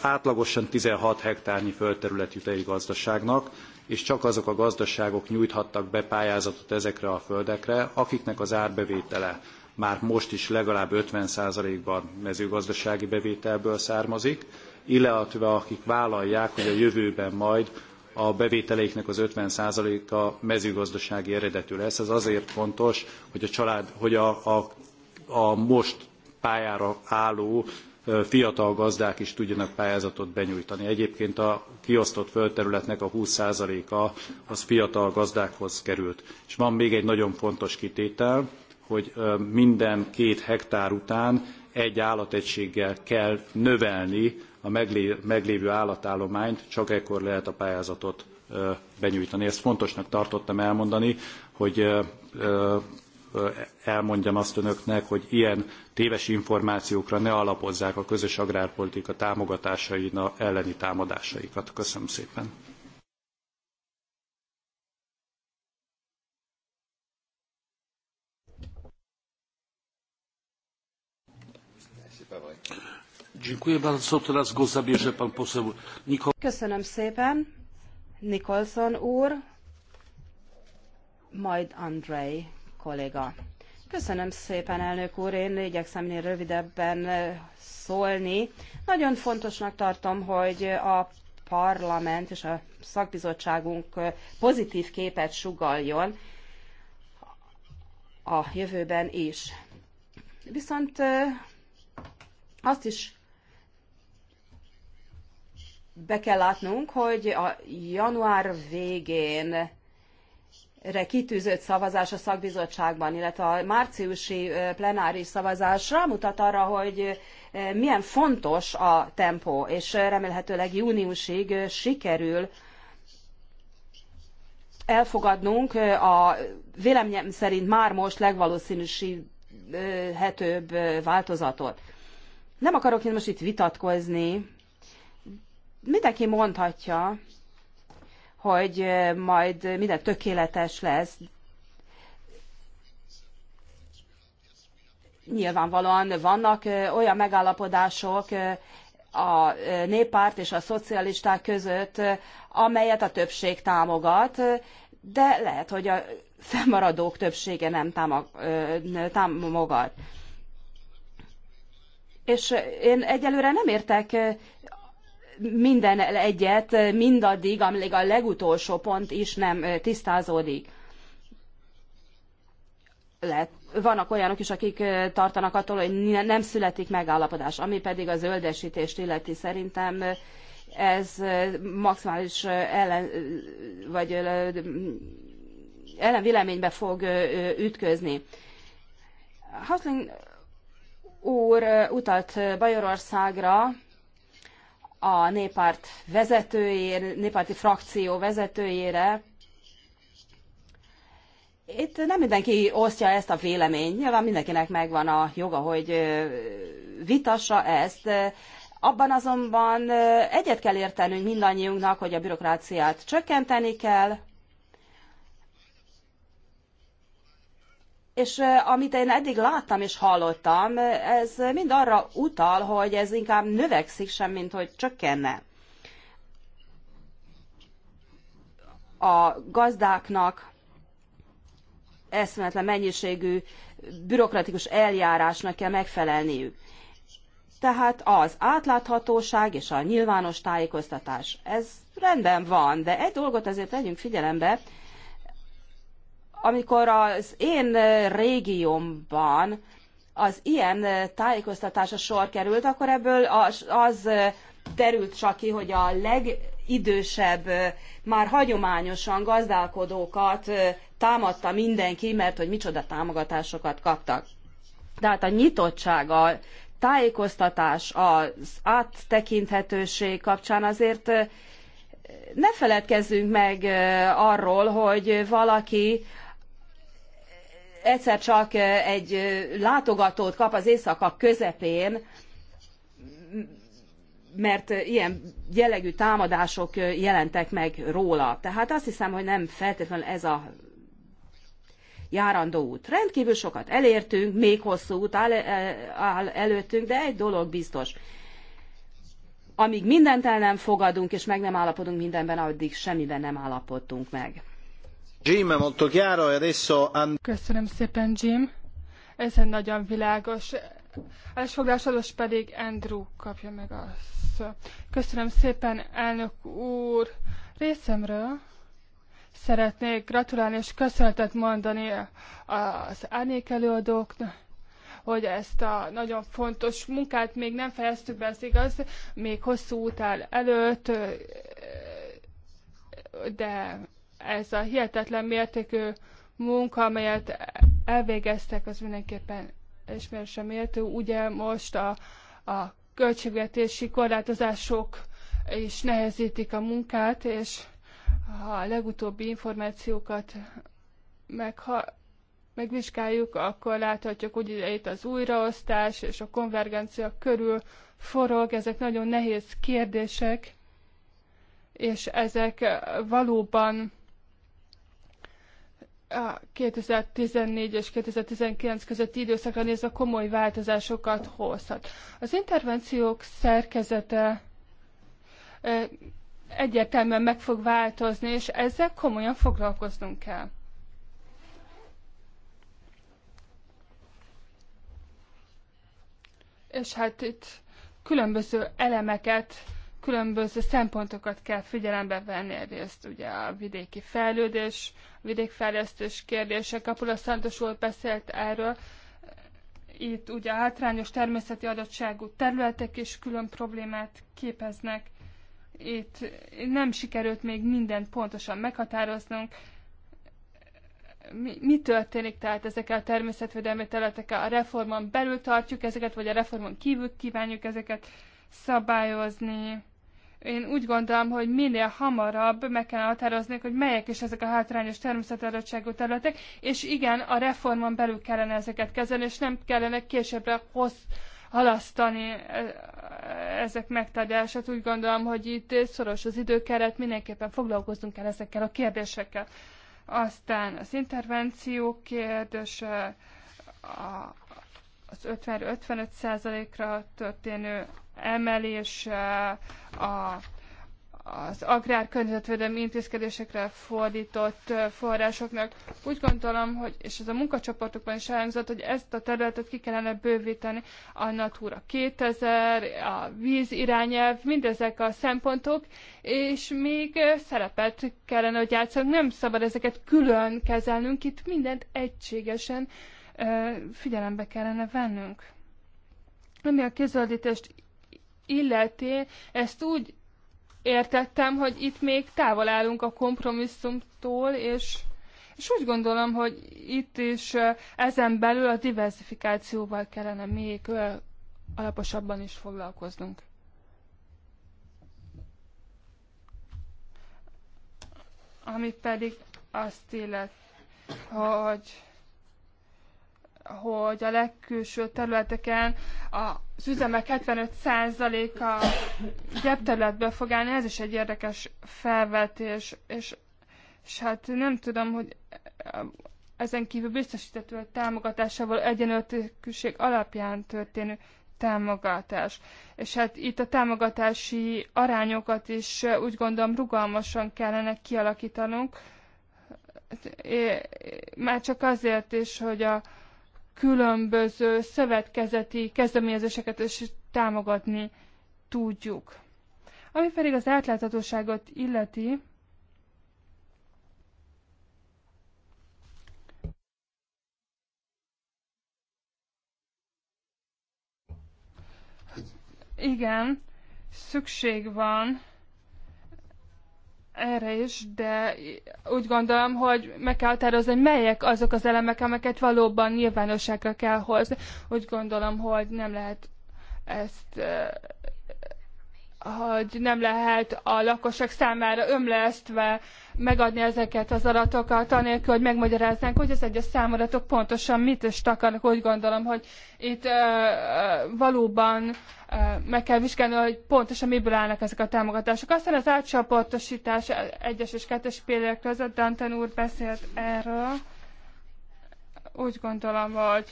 [SPEAKER 1] Átlagosan 16 hektárnyi földterület jut egy gazdaságnak, és csak azok a gazdaságok nyújthattak be pályázatot ezekre a földekre, akiknek az árbevétele már most is legalább 50%-ban mezőgazdasági bevételből származik, illetve akik vállalják, hogy a jövőben majd a bevételeiknek az 50%-a mezőgazdasági eredetű lesz. Ez azért fontos, hogy a, család, hogy a, a, a most pályára álló fiatal gazdák is tudjanak pályázatot benyújtani. Egyébként a kiosztott földterületnek a 20%-a az fiatal gazdákhoz került. És van még egy nagyon fontos kitétel, hogy minden két hektár után egy állategységgel kell növelni a meglévő állatállományt, csak ekkor lehet a pályázatot benyújtani. Ezt fontosnak tartottam elmondani, hogy elmondjam azt önöknek, hogy ilyen téves információkra ne alapozzák a közös agrárpolitika támogatásainak elleni támadásaikat. Köszönöm szépen.
[SPEAKER 4] Köszönöm szépen, nicholson úr, majd Andrei kolléga. Köszönöm szépen, elnök úr, én igyekszem minél rövidebben eh, szólni. Nagyon fontosnak tartom, hogy a parlament és a szakbizottságunk eh, pozitív képet sugaljon a jövőben is. Viszont eh, azt is be kell látnunk, hogy a január végén kitűzött szavazás a szakbizottságban, illetve a márciusi plenáris szavazás rámutat arra, hogy milyen fontos a tempó, és remélhetőleg júniusig sikerül elfogadnunk a véleményem szerint már most legvalószínűsíthetőbb változatot. Nem akarok én most itt vitatkozni mindenki mondhatja, hogy majd minden tökéletes lesz. Nyilvánvalóan vannak olyan megállapodások a néppárt és a szocialisták között, amelyet a többség támogat, de lehet, hogy a fennmaradók többsége nem támogat. És én egyelőre nem értek minden egyet mindaddig, amíg a legutolsó pont is nem tisztázódik. Lehet, vannak olyanok is, akik tartanak attól, hogy nem születik megállapodás, ami pedig a zöldesítést illeti szerintem ez maximális ellen, vagy ellenvéleménybe fog ütközni. Hasling úr utalt Bajorországra, a néppárt vezetőjére, néppárti frakció vezetőjére. Itt nem mindenki osztja ezt a véleményt, nyilván mindenkinek megvan a joga, hogy vitassa ezt. Abban azonban egyet kell értenünk mindannyiunknak, hogy a bürokráciát csökkenteni kell, És amit én eddig láttam és hallottam, ez mind arra utal, hogy ez inkább növekszik, semmint hogy csökkenne. A gazdáknak eszméletlen mennyiségű bürokratikus eljárásnak kell megfelelniük. Tehát az átláthatóság és a nyilvános tájékoztatás, ez rendben van, de egy dolgot azért legyünk figyelembe, amikor az én régiómban az ilyen tájékoztatása sor került, akkor ebből az, az derült csak ki, hogy a legidősebb, már hagyományosan gazdálkodókat támadta mindenki, mert hogy micsoda támogatásokat kaptak. Tehát a nyitottság, a tájékoztatás, az áttekinthetőség kapcsán azért ne feledkezzünk meg arról, hogy valaki egyszer csak egy látogatót kap az éjszaka közepén, mert ilyen jellegű támadások jelentek meg róla. Tehát azt hiszem, hogy nem feltétlenül ez a járandó út. Rendkívül sokat elértünk, még hosszú út áll, áll előttünk, de egy dolog biztos. Amíg mindent el nem fogadunk és meg nem állapodunk mindenben, addig semmiben nem állapodtunk meg.
[SPEAKER 1] E
[SPEAKER 2] Köszönöm szépen, Jim. Ez egy nagyon világos Elsfoglásodos pedig Andrew kapja meg azt. Köszönöm szépen, elnök úr! Részemről szeretnék gratulálni és köszönetet mondani az árnyék előadóknak, hogy ezt a nagyon fontos munkát még nem fejeztük be, ez igaz, még hosszú út áll előtt, de ez a hihetetlen mértékű munka, amelyet elvégeztek, az mindenképpen ismerősen méltó. Ugye most a, a költségvetési korlátozások is nehezítik a munkát, és ha a legutóbbi információkat megha megvizsgáljuk, akkor láthatjuk, hogy itt az újraosztás és a konvergencia körül forog. Ezek nagyon nehéz kérdések, és ezek valóban a 2014 és 2019 közötti időszakra nézve komoly változásokat hozhat. Az intervenciók szerkezete egyértelműen meg fog változni, és ezzel komolyan foglalkoznunk kell. És hát itt különböző elemeket különböző szempontokat kell figyelembe venni, egyrészt ugye a vidéki fejlődés, a vidékfejlesztés kérdése, Kapula Szántos úr beszélt erről, itt ugye hátrányos természeti adottságú területek is külön problémát képeznek, itt nem sikerült még mindent pontosan meghatároznunk, mi, mi történik tehát ezekkel a természetvédelmi területekkel, a reformon belül tartjuk ezeket, vagy a reformon kívül kívánjuk ezeket szabályozni, én úgy gondolom, hogy minél hamarabb meg kell határozni, hogy melyek is ezek a hátrányos természetadottságú területek, és igen, a reformon belül kellene ezeket kezelni, és nem kellene későbbre hossz, halasztani e, e, ezek megtárgyását. Úgy gondolom, hogy itt szoros az időkeret, mindenképpen foglalkozunk kell ezekkel a kérdésekkel. Aztán az intervenció kérdése, a, az 50 55 százalékra történő emelés, a, az agrárkörnyezetvédelmi intézkedésekre fordított forrásoknak. Úgy gondolom, hogy, és ez a munkacsoportokban is elhangzott, hogy ezt a területet ki kellene bővíteni, a Natura 2000, a víz irányelv, mindezek a szempontok, és még szerepet kellene, hogy játszunk. Nem szabad ezeket külön kezelnünk, itt mindent egységesen uh, figyelembe kellene vennünk. Ami a kézöldítést illeti, ezt úgy értettem, hogy itt még távol állunk a kompromisszumtól, és, és úgy gondolom, hogy itt is ezen belül a diversifikációval kellene még alaposabban is foglalkoznunk. Ami pedig azt illet, hogy hogy a legkülső területeken az üzemek 75%-a gyepterületből fog állni, ez is egy érdekes felvetés, és, és hát nem tudom, hogy ezen kívül biztosítató támogatásával egyenlőtőkűség alapján történő támogatás. És hát itt a támogatási arányokat is úgy gondolom rugalmasan kellene kialakítanunk, már csak azért is, hogy a, különböző szövetkezeti kezdeményezéseket is támogatni tudjuk. Ami pedig az átláthatóságot illeti, igen, szükség van erre is, de úgy gondolom, hogy meg kell határozni, hogy melyek azok az elemek, amelyeket valóban nyilvánosságra kell hozni. Úgy gondolom, hogy nem lehet ezt eh, hogy nem lehet a lakosok számára ömlesztve megadni ezeket az adatokat, anélkül, hogy megmagyaráznánk, hogy az egyes számadatok pontosan mit is takarnak. Úgy gondolom, hogy itt ö, ö, valóban ö, meg kell vizsgálni, hogy pontosan miből állnak ezek a támogatások. Aztán az átcsoportosítás egyes és kettes például között Danten úr beszélt erről. Úgy gondolom, hogy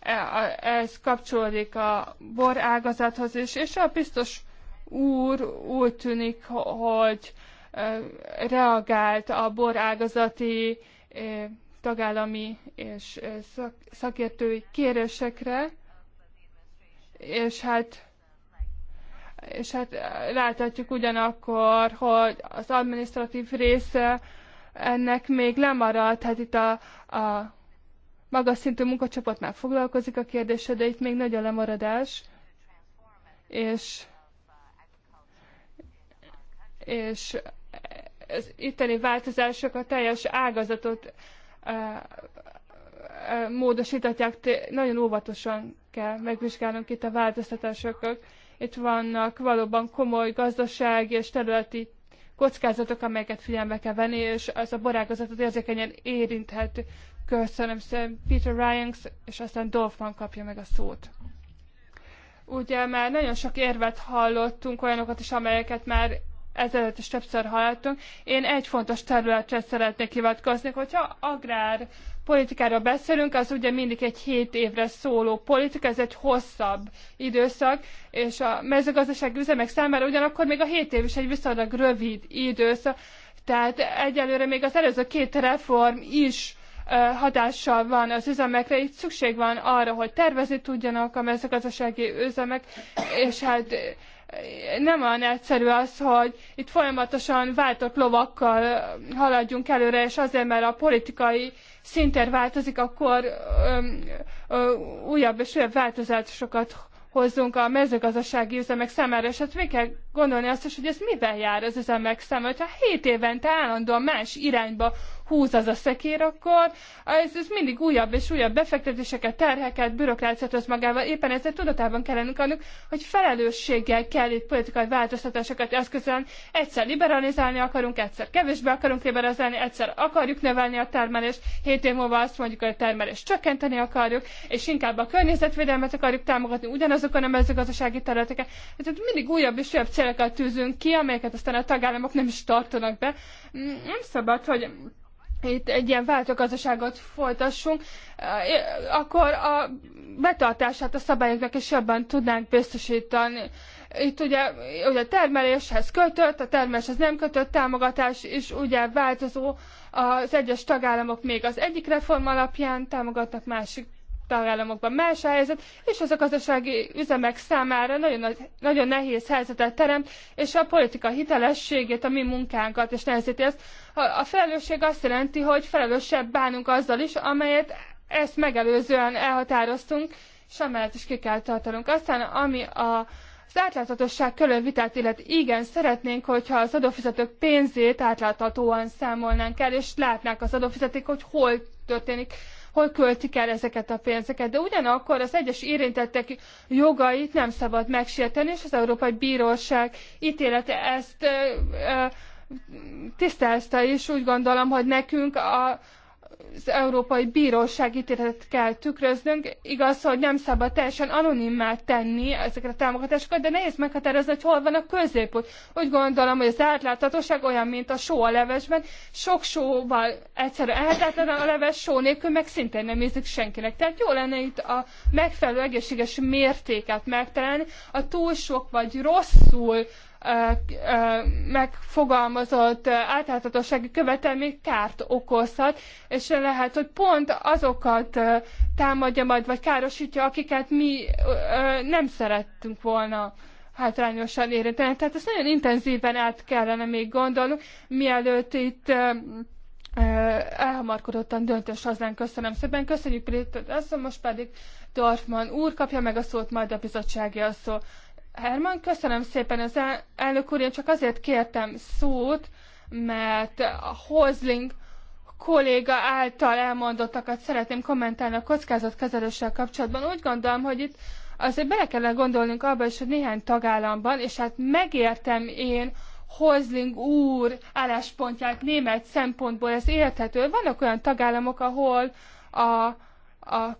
[SPEAKER 2] e, ez kapcsolódik a bor ágazathoz is, és a biztos úr úgy tűnik, hogy reagált a borágazati tagállami és szakértői kérésekre, és hát és hát láthatjuk ugyanakkor, hogy az administratív része ennek még lemaradt, hát itt a, a magas szintű munkacsoport már foglalkozik a kérdése, de itt még nagy a lemaradás, és és az itteni változások a teljes ágazatot eh, eh, módosítatják, nagyon óvatosan kell megvizsgálnunk itt a változtatásokat. Itt vannak valóban komoly gazdasági és területi kockázatok, amelyeket figyelme kell venni, és az a borágazatot érzékenyen érinthet. Köszönöm szépen Peter Ryans, és aztán Dolfman kapja meg a szót. Ugye már nagyon sok érvet hallottunk, olyanokat is, amelyeket már ezelőtt is többször hallottunk. Én egy fontos területre szeretnék hivatkozni, hogyha agrár politikáról beszélünk, az ugye mindig egy hét évre szóló politika, ez egy hosszabb időszak, és a mezőgazdasági üzemek számára ugyanakkor még a hét év is egy viszonylag rövid időszak, tehát egyelőre még az előző két reform is hatással van az üzemekre, itt szükség van arra, hogy tervezni tudjanak a mezőgazdasági üzemek, és hát nem olyan egyszerű az, hogy itt folyamatosan váltott lovakkal haladjunk előre, és azért, mert a politikai szinter változik, akkor öm, ö, újabb és újabb változásokat hozzunk a mezőgazdasági üzemek számára, és hát még kell gondolni azt is, hogy ez mivel jár az üzemek számára, hogyha 7 évente állandóan más irányba húz az a szekér, akkor ez, ez mindig újabb és újabb befektetéseket, terheket, bürokráciát hoz magával. Éppen ezzel tudatában kell lennünk annak, hogy felelősséggel kell itt politikai változtatásokat eszközölni. Egyszer liberalizálni akarunk, egyszer kevésbé akarunk liberalizálni, egyszer akarjuk növelni a termelést, hét év múlva azt mondjuk, hogy a termelést csökkenteni akarjuk, és inkább a környezetvédelmet akarjuk támogatni ugyanazokon a mezőgazdasági területeken. Tehát mindig újabb és újabb célokat tűzünk ki, amelyeket aztán a tagállamok nem is tartanak be. Mm, nem szabad, hogy itt egy ilyen váltogazdaságot folytassunk, eh, akkor a betartását a szabályoknak is jobban tudnánk biztosítani. Itt ugye, ugye a termeléshez kötött, a termeléshez nem kötött támogatás is ugye változó, az egyes tagállamok még az egyik reform alapján támogatnak, másik tagállamokban más helyzet, és ez a gazdasági üzemek számára nagyon, nagyon nehéz helyzetet teremt, és a politika hitelességét, a mi munkánkat és nehezíti ezt. A felelősség azt jelenti, hogy felelősebb bánunk azzal is, amelyet ezt megelőzően elhatároztunk, és amelyet is ki kell tartanunk. Aztán ami a az átláthatóság körül vitát illet, igen, szeretnénk, hogyha az adófizetők pénzét átláthatóan számolnánk el, és látnák az adófizetők, hogy hol történik hol költik el ezeket a pénzeket. De ugyanakkor az egyes érintettek jogait nem szabad megsérteni, és az Európai Bíróság ítélete ezt tisztázta, és úgy gondolom, hogy nekünk a az Európai Bíróság ítéletet kell tükröznünk. Igaz, hogy nem szabad teljesen anonimmá tenni ezeket a támogatásokat, de nehéz meghatározni, hogy hol van a középút. Úgy gondolom, hogy az átláthatóság olyan, mint a só a levesben. Sok sóval egyszerű elhetetlen a leves, só nélkül meg szintén nem ízik senkinek. Tehát jó lenne itt a megfelelő egészséges mértéket megtalálni. A túl sok vagy rosszul megfogalmazott átláthatósági követelmény kárt okozhat, és lehet, hogy pont azokat támadja majd, vagy károsítja, akiket mi nem szerettünk volna hátrányosan érinteni. Tehát ezt nagyon intenzíven át kellene még gondolnunk, mielőtt itt elhamarkodottan döntés hozzánk. Köszönöm szépen, köszönjük Brétet, most pedig Dorfman úr kapja meg a szót, majd a bizottsági a szó. Herman, köszönöm szépen az el, elnök úr, én csak azért kértem szót, mert a Hozling kolléga által elmondottakat szeretném kommentálni a kockázatkezeléssel kapcsolatban. Úgy gondolom, hogy itt azért bele kellene gondolnunk abba is, hogy néhány tagállamban, és hát megértem én Hozling úr álláspontját német szempontból, ez érthető. Vannak olyan tagállamok, ahol a, a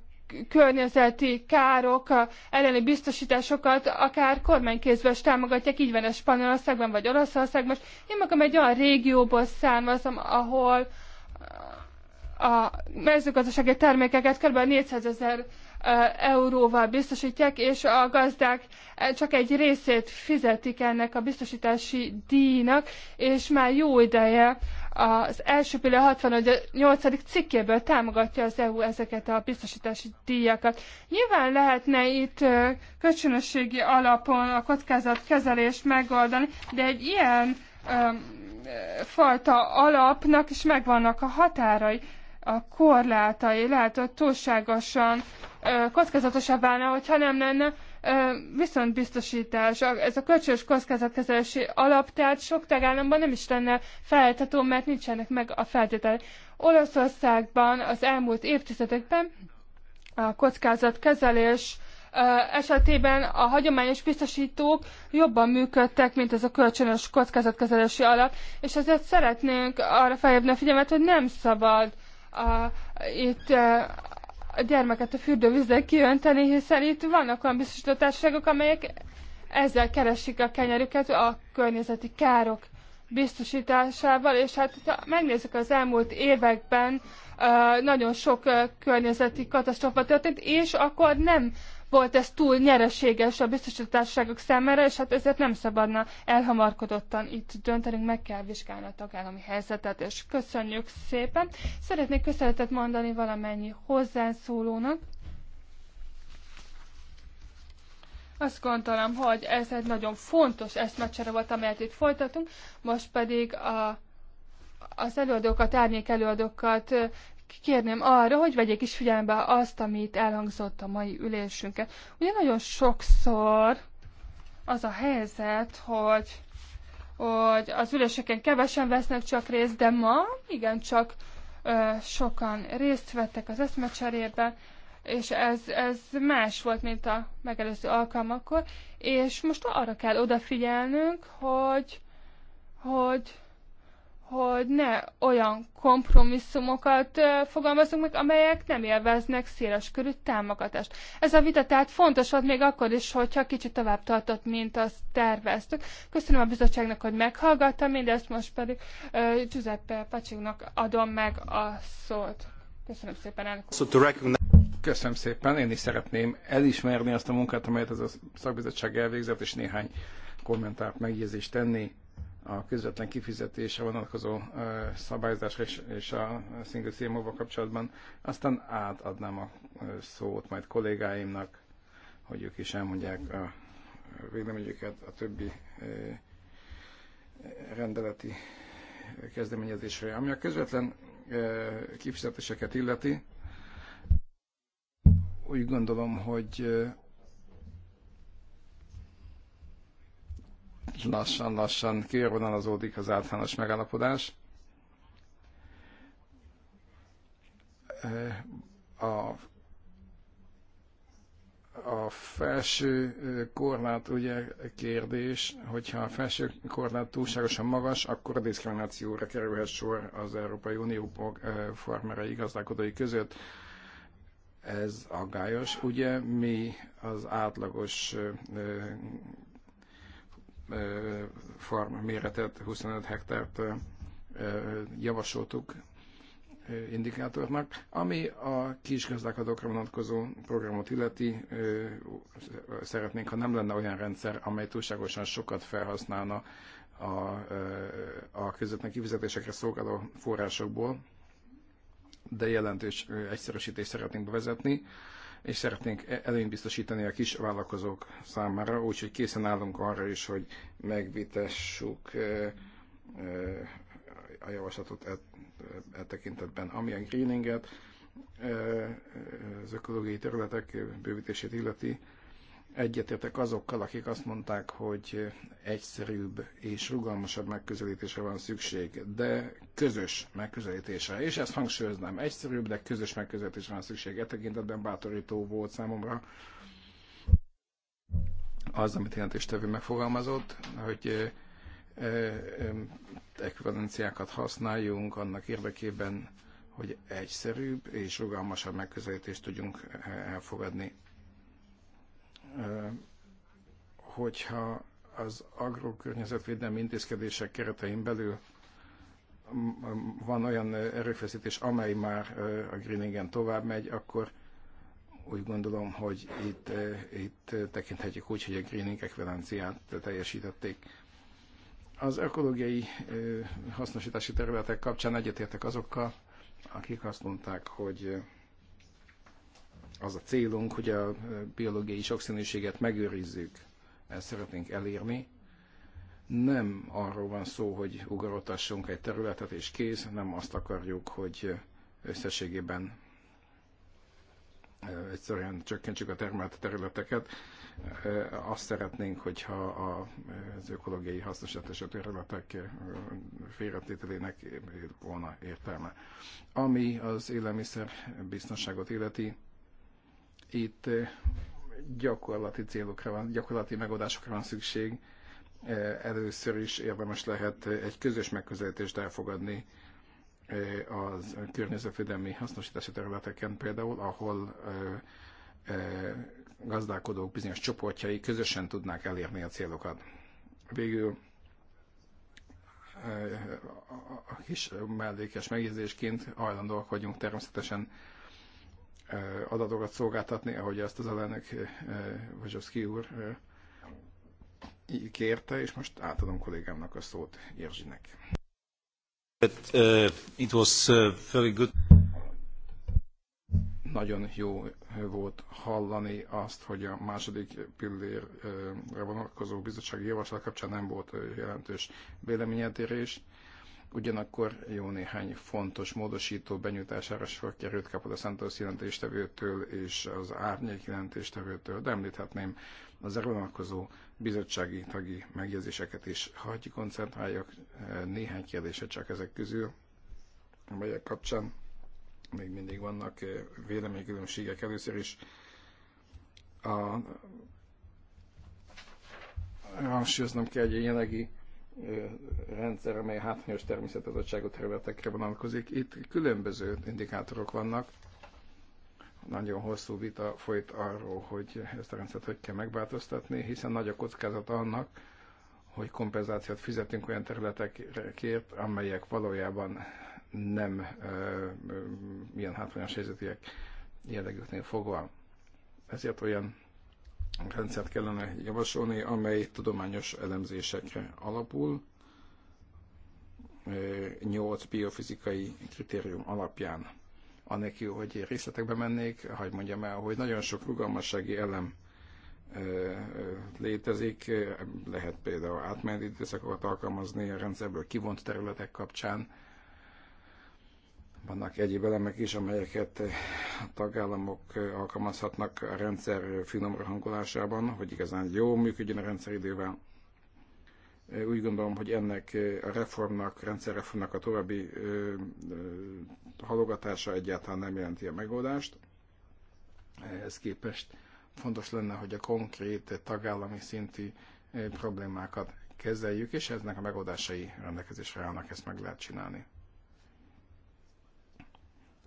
[SPEAKER 2] környezeti károk elleni biztosításokat akár kormánykézből is támogatják, így van ez Spanyolországban vagy Oroszországban. Én magam egy olyan régióból származom, ahol a mezőgazdasági termékeket kb. 400 ezer euróval biztosítják, és a gazdák csak egy részét fizetik ennek a biztosítási díjnak, és már jó ideje az első a 68. cikkéből támogatja az EU ezeket a biztosítási díjakat. Nyilván lehetne itt kölcsönösségi alapon a kockázatkezelést megoldani, de egy ilyen um, fajta alapnak is megvannak a határai, a korlátai, lehet, hogy túlságosan kockázatosabb állna, hogyha nem lenne viszont biztosítás, ez a kölcsönös kockázatkezelési alap, tehát sok tagállamban nem is lenne feleltető, mert nincsenek meg a feltételek. Olaszországban az elmúlt évtizedekben a kockázatkezelés esetében a hagyományos biztosítók jobban működtek, mint ez a kölcsönös kockázatkezelési alap, és ezért szeretnénk arra felhívni a figyelmet, hogy nem szabad a, itt a gyermeket a fürdővízzel kiönteni, hiszen itt vannak olyan biztosítottárságok, amelyek ezzel keresik a kenyerüket a környezeti károk biztosításával, és hát ha megnézzük az elmúlt években, nagyon sok környezeti katasztrófa történt, és akkor nem volt ez túl nyereséges a biztosítótársaságok számára, és hát ezért nem szabadna elhamarkodottan itt döntenünk, meg kell vizsgálni a tagállami helyzetet, és köszönjük szépen. Szeretnék köszönetet mondani valamennyi hozzászólónak. Azt gondolom, hogy ez egy nagyon fontos eszmecsere volt, amelyet itt folytatunk, most pedig a az előadókat, árnyék előadókat kikérném arra, hogy vegyék is figyelembe azt, amit elhangzott a mai ülésünket. Ugye nagyon sokszor az a helyzet, hogy, hogy az üléseken kevesen vesznek csak részt, de ma igencsak ö, sokan részt vettek az eszmecserébe, és ez, ez más volt, mint a megelőző alkalmakkor, és most arra kell odafigyelnünk, hogy, hogy hogy ne olyan kompromisszumokat fogalmazunk meg, amelyek nem élveznek széles körű támogatást. Ez a vita tehát fontos volt még akkor is, hogyha kicsit tovább tartott, mint azt terveztük. Köszönöm a bizottságnak, hogy meghallgatta mindezt, most pedig uh, Giuseppe Pacsignak adom meg a szót. Köszönöm szépen, elnök
[SPEAKER 3] Köszönöm szépen, én is szeretném elismerni azt a munkát, amelyet ez a szakbizottság elvégzett, és néhány kommentárt, megjegyzést tenni a közvetlen kifizetése vonatkozó szabályozásra és a single cmo kapcsolatban. Aztán átadnám a szót majd kollégáimnak, hogy ők is elmondják a véleményüket a többi rendeleti kezdeményezésre. Ami a közvetlen kifizetéseket illeti, úgy gondolom, hogy lassan-lassan körvonalazódik az általános megállapodás. A, a felső korlát ugye kérdés, hogyha a felső korlát túlságosan magas, akkor a diszkriminációra kerülhet sor az Európai Unió farmerei gazdálkodói között ez aggályos. Ugye mi az átlagos farm méretet, 25 hektárt javasoltuk indikátornak, ami a kis gazdálkodókra vonatkozó programot illeti, szeretnénk, ha nem lenne olyan rendszer, amely túlságosan sokat felhasználna a, a közvetlen kifizetésekre szolgáló forrásokból, de jelentős egyszerűsítést szeretnénk bevezetni és szeretnénk e- előnyt biztosítani a kis vállalkozók számára, úgyhogy készen állunk arra is, hogy megvitessük e, e, a javaslatot e, e tekintetben. Ami a greeninget, az ökológiai területek bővítését illeti, Egyetértek azokkal, akik azt mondták, hogy egyszerűbb és rugalmasabb megközelítésre van szükség, de közös megközelítésre. És ezt hangsúlyoznám, egyszerűbb, de közös megközelítésre van szükség. E tekintetben bátorító volt számomra az, amit jelentéstevő megfogalmazott, hogy ekvivalenciákat használjunk annak érdekében, hogy egyszerűbb és rugalmasabb megközelítést tudjunk elfogadni hogyha az agrokörnyezetvédelmi intézkedések keretein belül van olyan erőfeszítés, amely már a greeningen tovább megy, akkor úgy gondolom, hogy itt, itt tekinthetjük úgy, hogy a greening ekvivalenciát teljesítették. Az ökológiai hasznosítási területek kapcsán egyetértek azokkal, akik azt mondták, hogy az a célunk, hogy a biológiai sokszínűséget megőrizzük. Ezt szeretnénk elérni. Nem arról van szó, hogy ugorotassunk egy területet és kész, nem azt akarjuk, hogy összességében egyszerűen csökkentsük a termelt területeket. Azt szeretnénk, hogyha az ökológiai hasznosítás a területek félretételének volna értelme. Ami az élelmiszer biztonságot illeti, itt gyakorlati célokra van, gyakorlati megoldásokra van szükség. Először is érdemes lehet egy közös megközelítést elfogadni az környezetvédelmi hasznosítási területeken például, ahol gazdálkodók bizonyos csoportjai közösen tudnák elérni a célokat. Végül a kis mellékes megjegyzésként hajlandóak vagyunk természetesen adatokat szolgáltatni, ahogy ezt az alelnök Vazsovszki úr kérte, és most átadom kollégámnak a szót Érzsinek. But, uh, it was uh, very good. Nagyon jó volt hallani azt, hogy a második pillérre vonatkozó bizottsági javaslat kapcsán nem volt jelentős véleményedérés. Uh, Ugyanakkor jó néhány fontos módosító benyújtására sor került kapod a Santos jelentéstevőtől és az árnyék jelentéstevőtől, de említhetném az erőnalkozó bizottsági tagi megjegyzéseket is. Hagyj koncentráljak eh, néhány kérdése csak ezek közül, amelyek kapcsán még mindig vannak eh, véleménykülönbségek. Először is a hangsúlyoznom kell, hogy a jelenlegi rendszer, amely hátrányos természetadottságú területekre vonatkozik. Itt különböző indikátorok vannak. Nagyon hosszú vita folyt arról, hogy ezt a rendszert hogy kell megváltoztatni, hiszen nagy a kockázat annak, hogy kompenzációt fizetünk olyan területekért, amelyek valójában nem ö, ö, ilyen hátrányos helyzetűek jellegüknél fogva. Ezért olyan rendszert kellene javasolni, amely tudományos elemzésekre alapul, nyolc biofizikai kritérium alapján. Anélkül, hogy részletekbe mennék, hagyd mondjam el, hogy nagyon sok rugalmassági elem létezik, lehet például átmeneti időszakokat alkalmazni a rendszerből kivont területek kapcsán, vannak egyéb elemek is, amelyeket a tagállamok alkalmazhatnak a rendszer finomra hangolásában, hogy igazán jó működjön a rendszer idővel. Úgy gondolom, hogy ennek a reformnak, rendszerreformnak a további halogatása egyáltalán nem jelenti a megoldást. Ehhez képest fontos lenne, hogy a konkrét tagállami szinti problémákat kezeljük, és eznek a megoldásai rendelkezésre állnak, ezt meg lehet csinálni.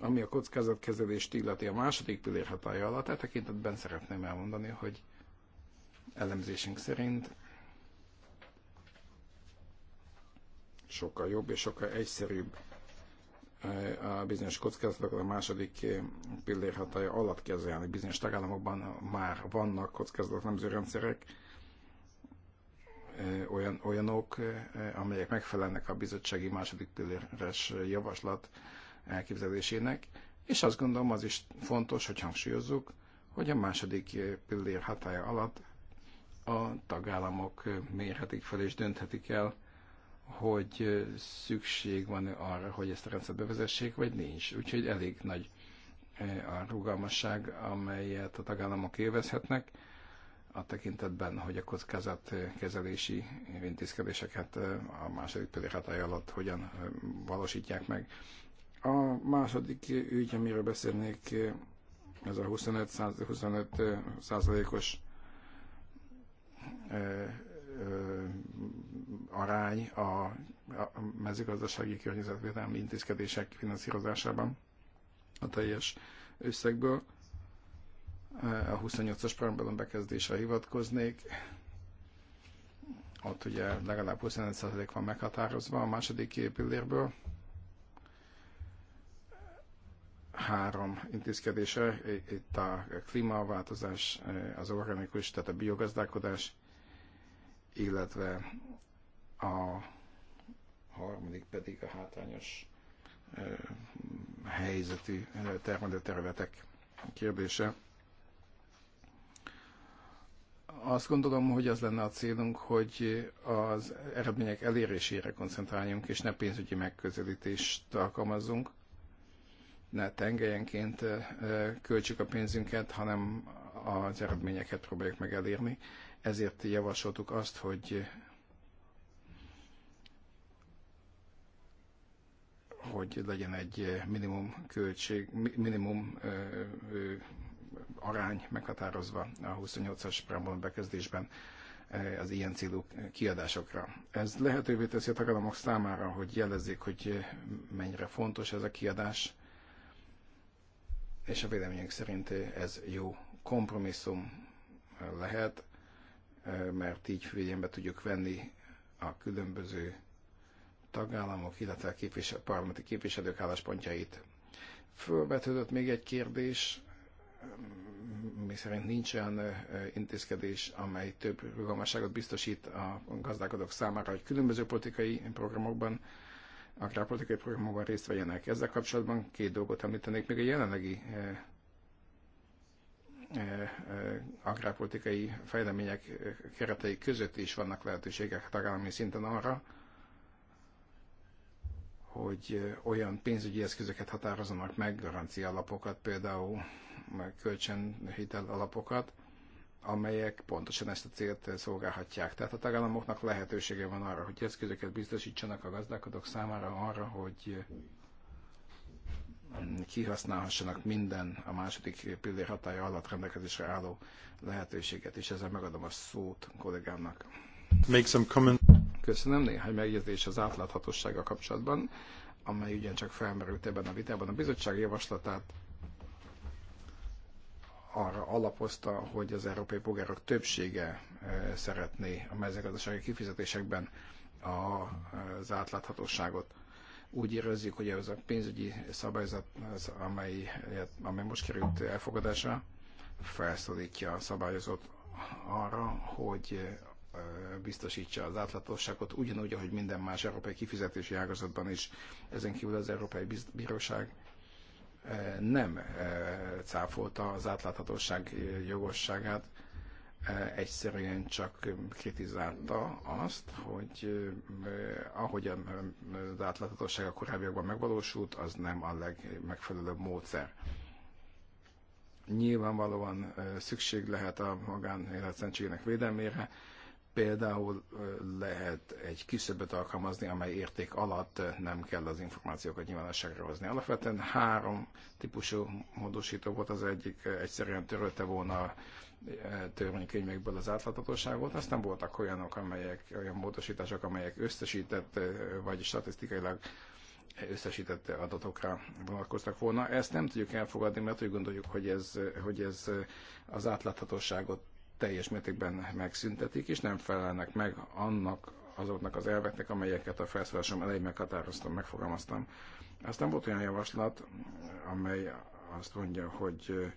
[SPEAKER 3] Ami a kockázatkezelést illeti a második pillér hatája alatt, e tekintetben szeretném elmondani, hogy elemzésünk szerint sokkal jobb és sokkal egyszerűbb a bizonyos kockázatokat a második pillér hatája alatt kezelni. Bizonyos tagállamokban már vannak nemző rendszerek, olyan, olyanok, amelyek megfelelnek a bizottsági második pilléres javaslat elképzelésének, és azt gondolom az is fontos, hogy hangsúlyozzuk, hogy a második pillér hatája alatt a tagállamok mérhetik fel és dönthetik el, hogy szükség van arra, hogy ezt a rendszert bevezessék, vagy nincs. Úgyhogy elég nagy e, a rugalmasság, amelyet a tagállamok élvezhetnek a tekintetben, hogy a kockázatkezelési intézkedéseket e, a második pillér hatája alatt hogyan e, valósítják meg. A második ügy, amiről beszélnék, ez a 25, 25 százalékos arány a mezőgazdasági környezetvédelmi intézkedések finanszírozásában a teljes összegből. A 28-as programban bekezdésre hivatkoznék. Ott ugye legalább 25% van meghatározva a második pillérből. három intézkedése, itt a klímaváltozás, az organikus, tehát a biogazdálkodás, illetve a harmadik pedig a hátrányos helyzetű területek kérdése. Azt gondolom, hogy az lenne a célunk, hogy az eredmények elérésére koncentráljunk, és ne pénzügyi megközelítést alkalmazzunk ne tengelyenként költsük a pénzünket, hanem az eredményeket próbáljuk meg elérni. Ezért javasoltuk azt, hogy hogy legyen egy minimum költség, minimum ö, ö, arány meghatározva a 28-as preambulum bekezdésben az ilyen célú kiadásokra. Ez lehetővé teszi a tagállamok számára, hogy jelezzék, hogy mennyire fontos ez a kiadás, és a véleményünk szerint ez jó kompromisszum lehet, eh, mert így figyelembe tudjuk venni a különböző tagállamok, illetve a képvisel, parlamenti képviselők álláspontjait. Fölvetődött még egy kérdés, mi szerint nincs olyan eh, intézkedés, amely több rugalmasságot biztosít a gazdálkodók számára, hogy különböző politikai programokban agrárpolitikai programokban részt vegyenek. Ezzel kapcsolatban két dolgot említenék. Még a jelenlegi eh, eh, eh agrárpolitikai fejlemények eh, keretei között is vannak lehetőségek tagállami szinten arra, hogy eh, olyan pénzügyi eszközöket határozanak meg, garancia alapokat például, kölcsönhitel alapokat, amelyek pontosan ezt a célt szolgálhatják. Tehát a tagállamoknak lehetősége van arra, hogy eszközöket biztosítsanak a gazdálkodók számára arra, hogy kihasználhassanak minden a második pillér hatája alatt rendelkezésre álló lehetőséget, és ezzel megadom a szót kollégámnak. Make some comment. Köszönöm néhány megjegyzés az átláthatósága kapcsolatban, amely ugyancsak felmerült ebben a vitában. A bizottság javaslatát arra alapozta, hogy az európai polgárok többsége e, szeretné a mezőgazdasági kifizetésekben az átláthatóságot. Úgy érezzük, hogy ez a pénzügyi szabályzat, az, amely, amely most került elfogadásra, felszólítja a szabályozót arra, hogy e, biztosítsa az átláthatóságot, ugyanúgy, ahogy minden más európai kifizetési ágazatban is. Ezen kívül az Európai Bíróság nem cáfolta az átláthatóság jogosságát, egyszerűen csak kritizálta azt, hogy ahogyan az átláthatóság a korábbiakban megvalósult, az nem a legmegfelelőbb módszer. Nyilvánvalóan szükség lehet a magánéletszentségének védelmére, Például lehet egy küszöböt alkalmazni, amely érték alatt nem kell az információkat nyilvánosságra hozni. Alapvetően három típusú módosító volt, az egyik egyszerűen törölte volna a törvénykönyvekből az átláthatóságot, aztán voltak olyanok, amelyek, olyan módosítások, amelyek összesített, vagy statisztikailag összesített adatokra vonatkoztak volna. Ezt nem tudjuk elfogadni, mert úgy gondoljuk, hogy ez, hogy ez az átláthatóságot teljes mértékben megszüntetik, és nem felelnek meg annak azoknak az elveknek, amelyeket a felszólásom elején meghatároztam, megfogalmaztam. Aztán volt olyan javaslat, amely azt mondja, hogy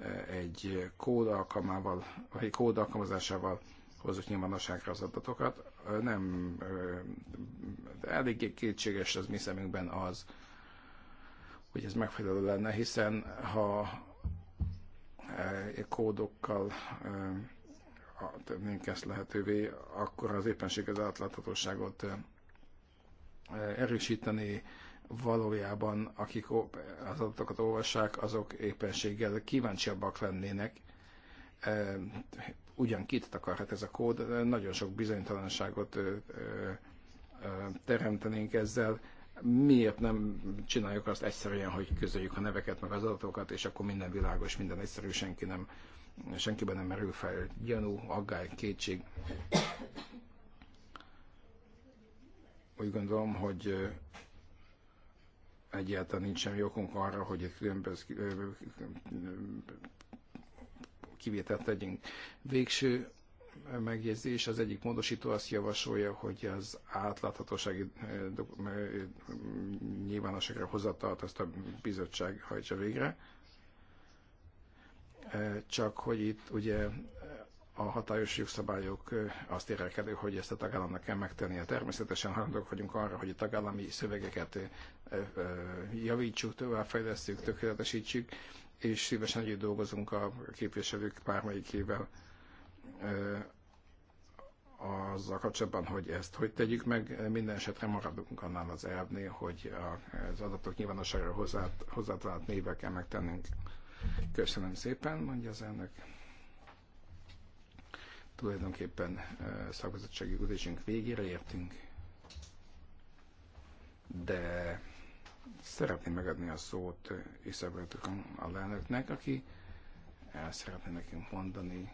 [SPEAKER 3] eh, egy kód alkalmával, vagy egy kód alkalmazásával hozzuk nyilvánosságra az adatokat. Eh, nem, eh, eléggé kétséges az mi szemünkben az, hogy ez megfelelő lenne, hiszen ha kódokkal eh, tennénk ezt lehetővé, akkor az éppenség az átláthatóságot eh, erősíteni, valójában akik az adatokat olvassák, azok éppenséggel kíváncsiabbak lennének. Eh, ugyan kit takarhat ez a kód, nagyon sok bizonytalanságot teremtenénk ezzel, miért nem csináljuk azt egyszerűen, hogy közöljük a neveket, meg az adatokat, és akkor minden világos, minden egyszerű, senki nem, senkiben nem merül fel gyanú, aggály, kétség. Úgy gondolom, hogy egyáltalán nincs semmi okunk arra, hogy itt különböző kivételt tegyünk. Végső megjegyzés. Az egyik módosító azt javasolja, hogy az átláthatósági eh, eh, nyilvánosságra hozatalt azt a bizottság hajtsa végre. Eh, csak hogy itt ugye a hatályos jogszabályok azt érek elő, hogy ezt a tagállamnak kell megtennie. Természetesen hajlandók vagyunk arra, hogy a tagállami szövegeket javítsuk, továbbfejlesztjük, tökéletesítsük, és szívesen együtt dolgozunk a képviselők bármelyikével azzal kapcsolatban, hogy ezt hogy tegyük meg, minden esetre maradunk annál az elvnél, hogy az adatok nyilvánosságra hozzátalált névvel kell megtennünk. Köszönöm szépen, mondja az elnök. Tulajdonképpen szakbizottsági ülésünk végére értünk, de szeretném megadni a szót Isabel a lelnöknek, aki el szeretne nekünk mondani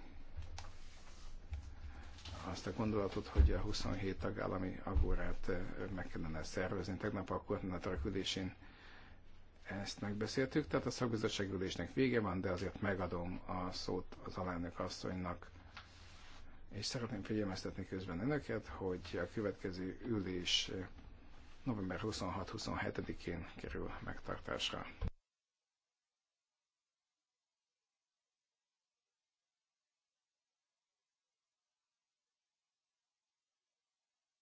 [SPEAKER 3] azt a gondolatot, hogy a 27 tagállami agórát eh, meg kellene szervezni. Tegnap a koordinátorok ülésén ezt megbeszéltük, tehát a szakbizottság ülésnek vége van, de azért megadom a szót az alelnök asszonynak, és szeretném figyelmeztetni közben önöket, hogy a következő ülés eh, november 26-27-én kerül megtartásra.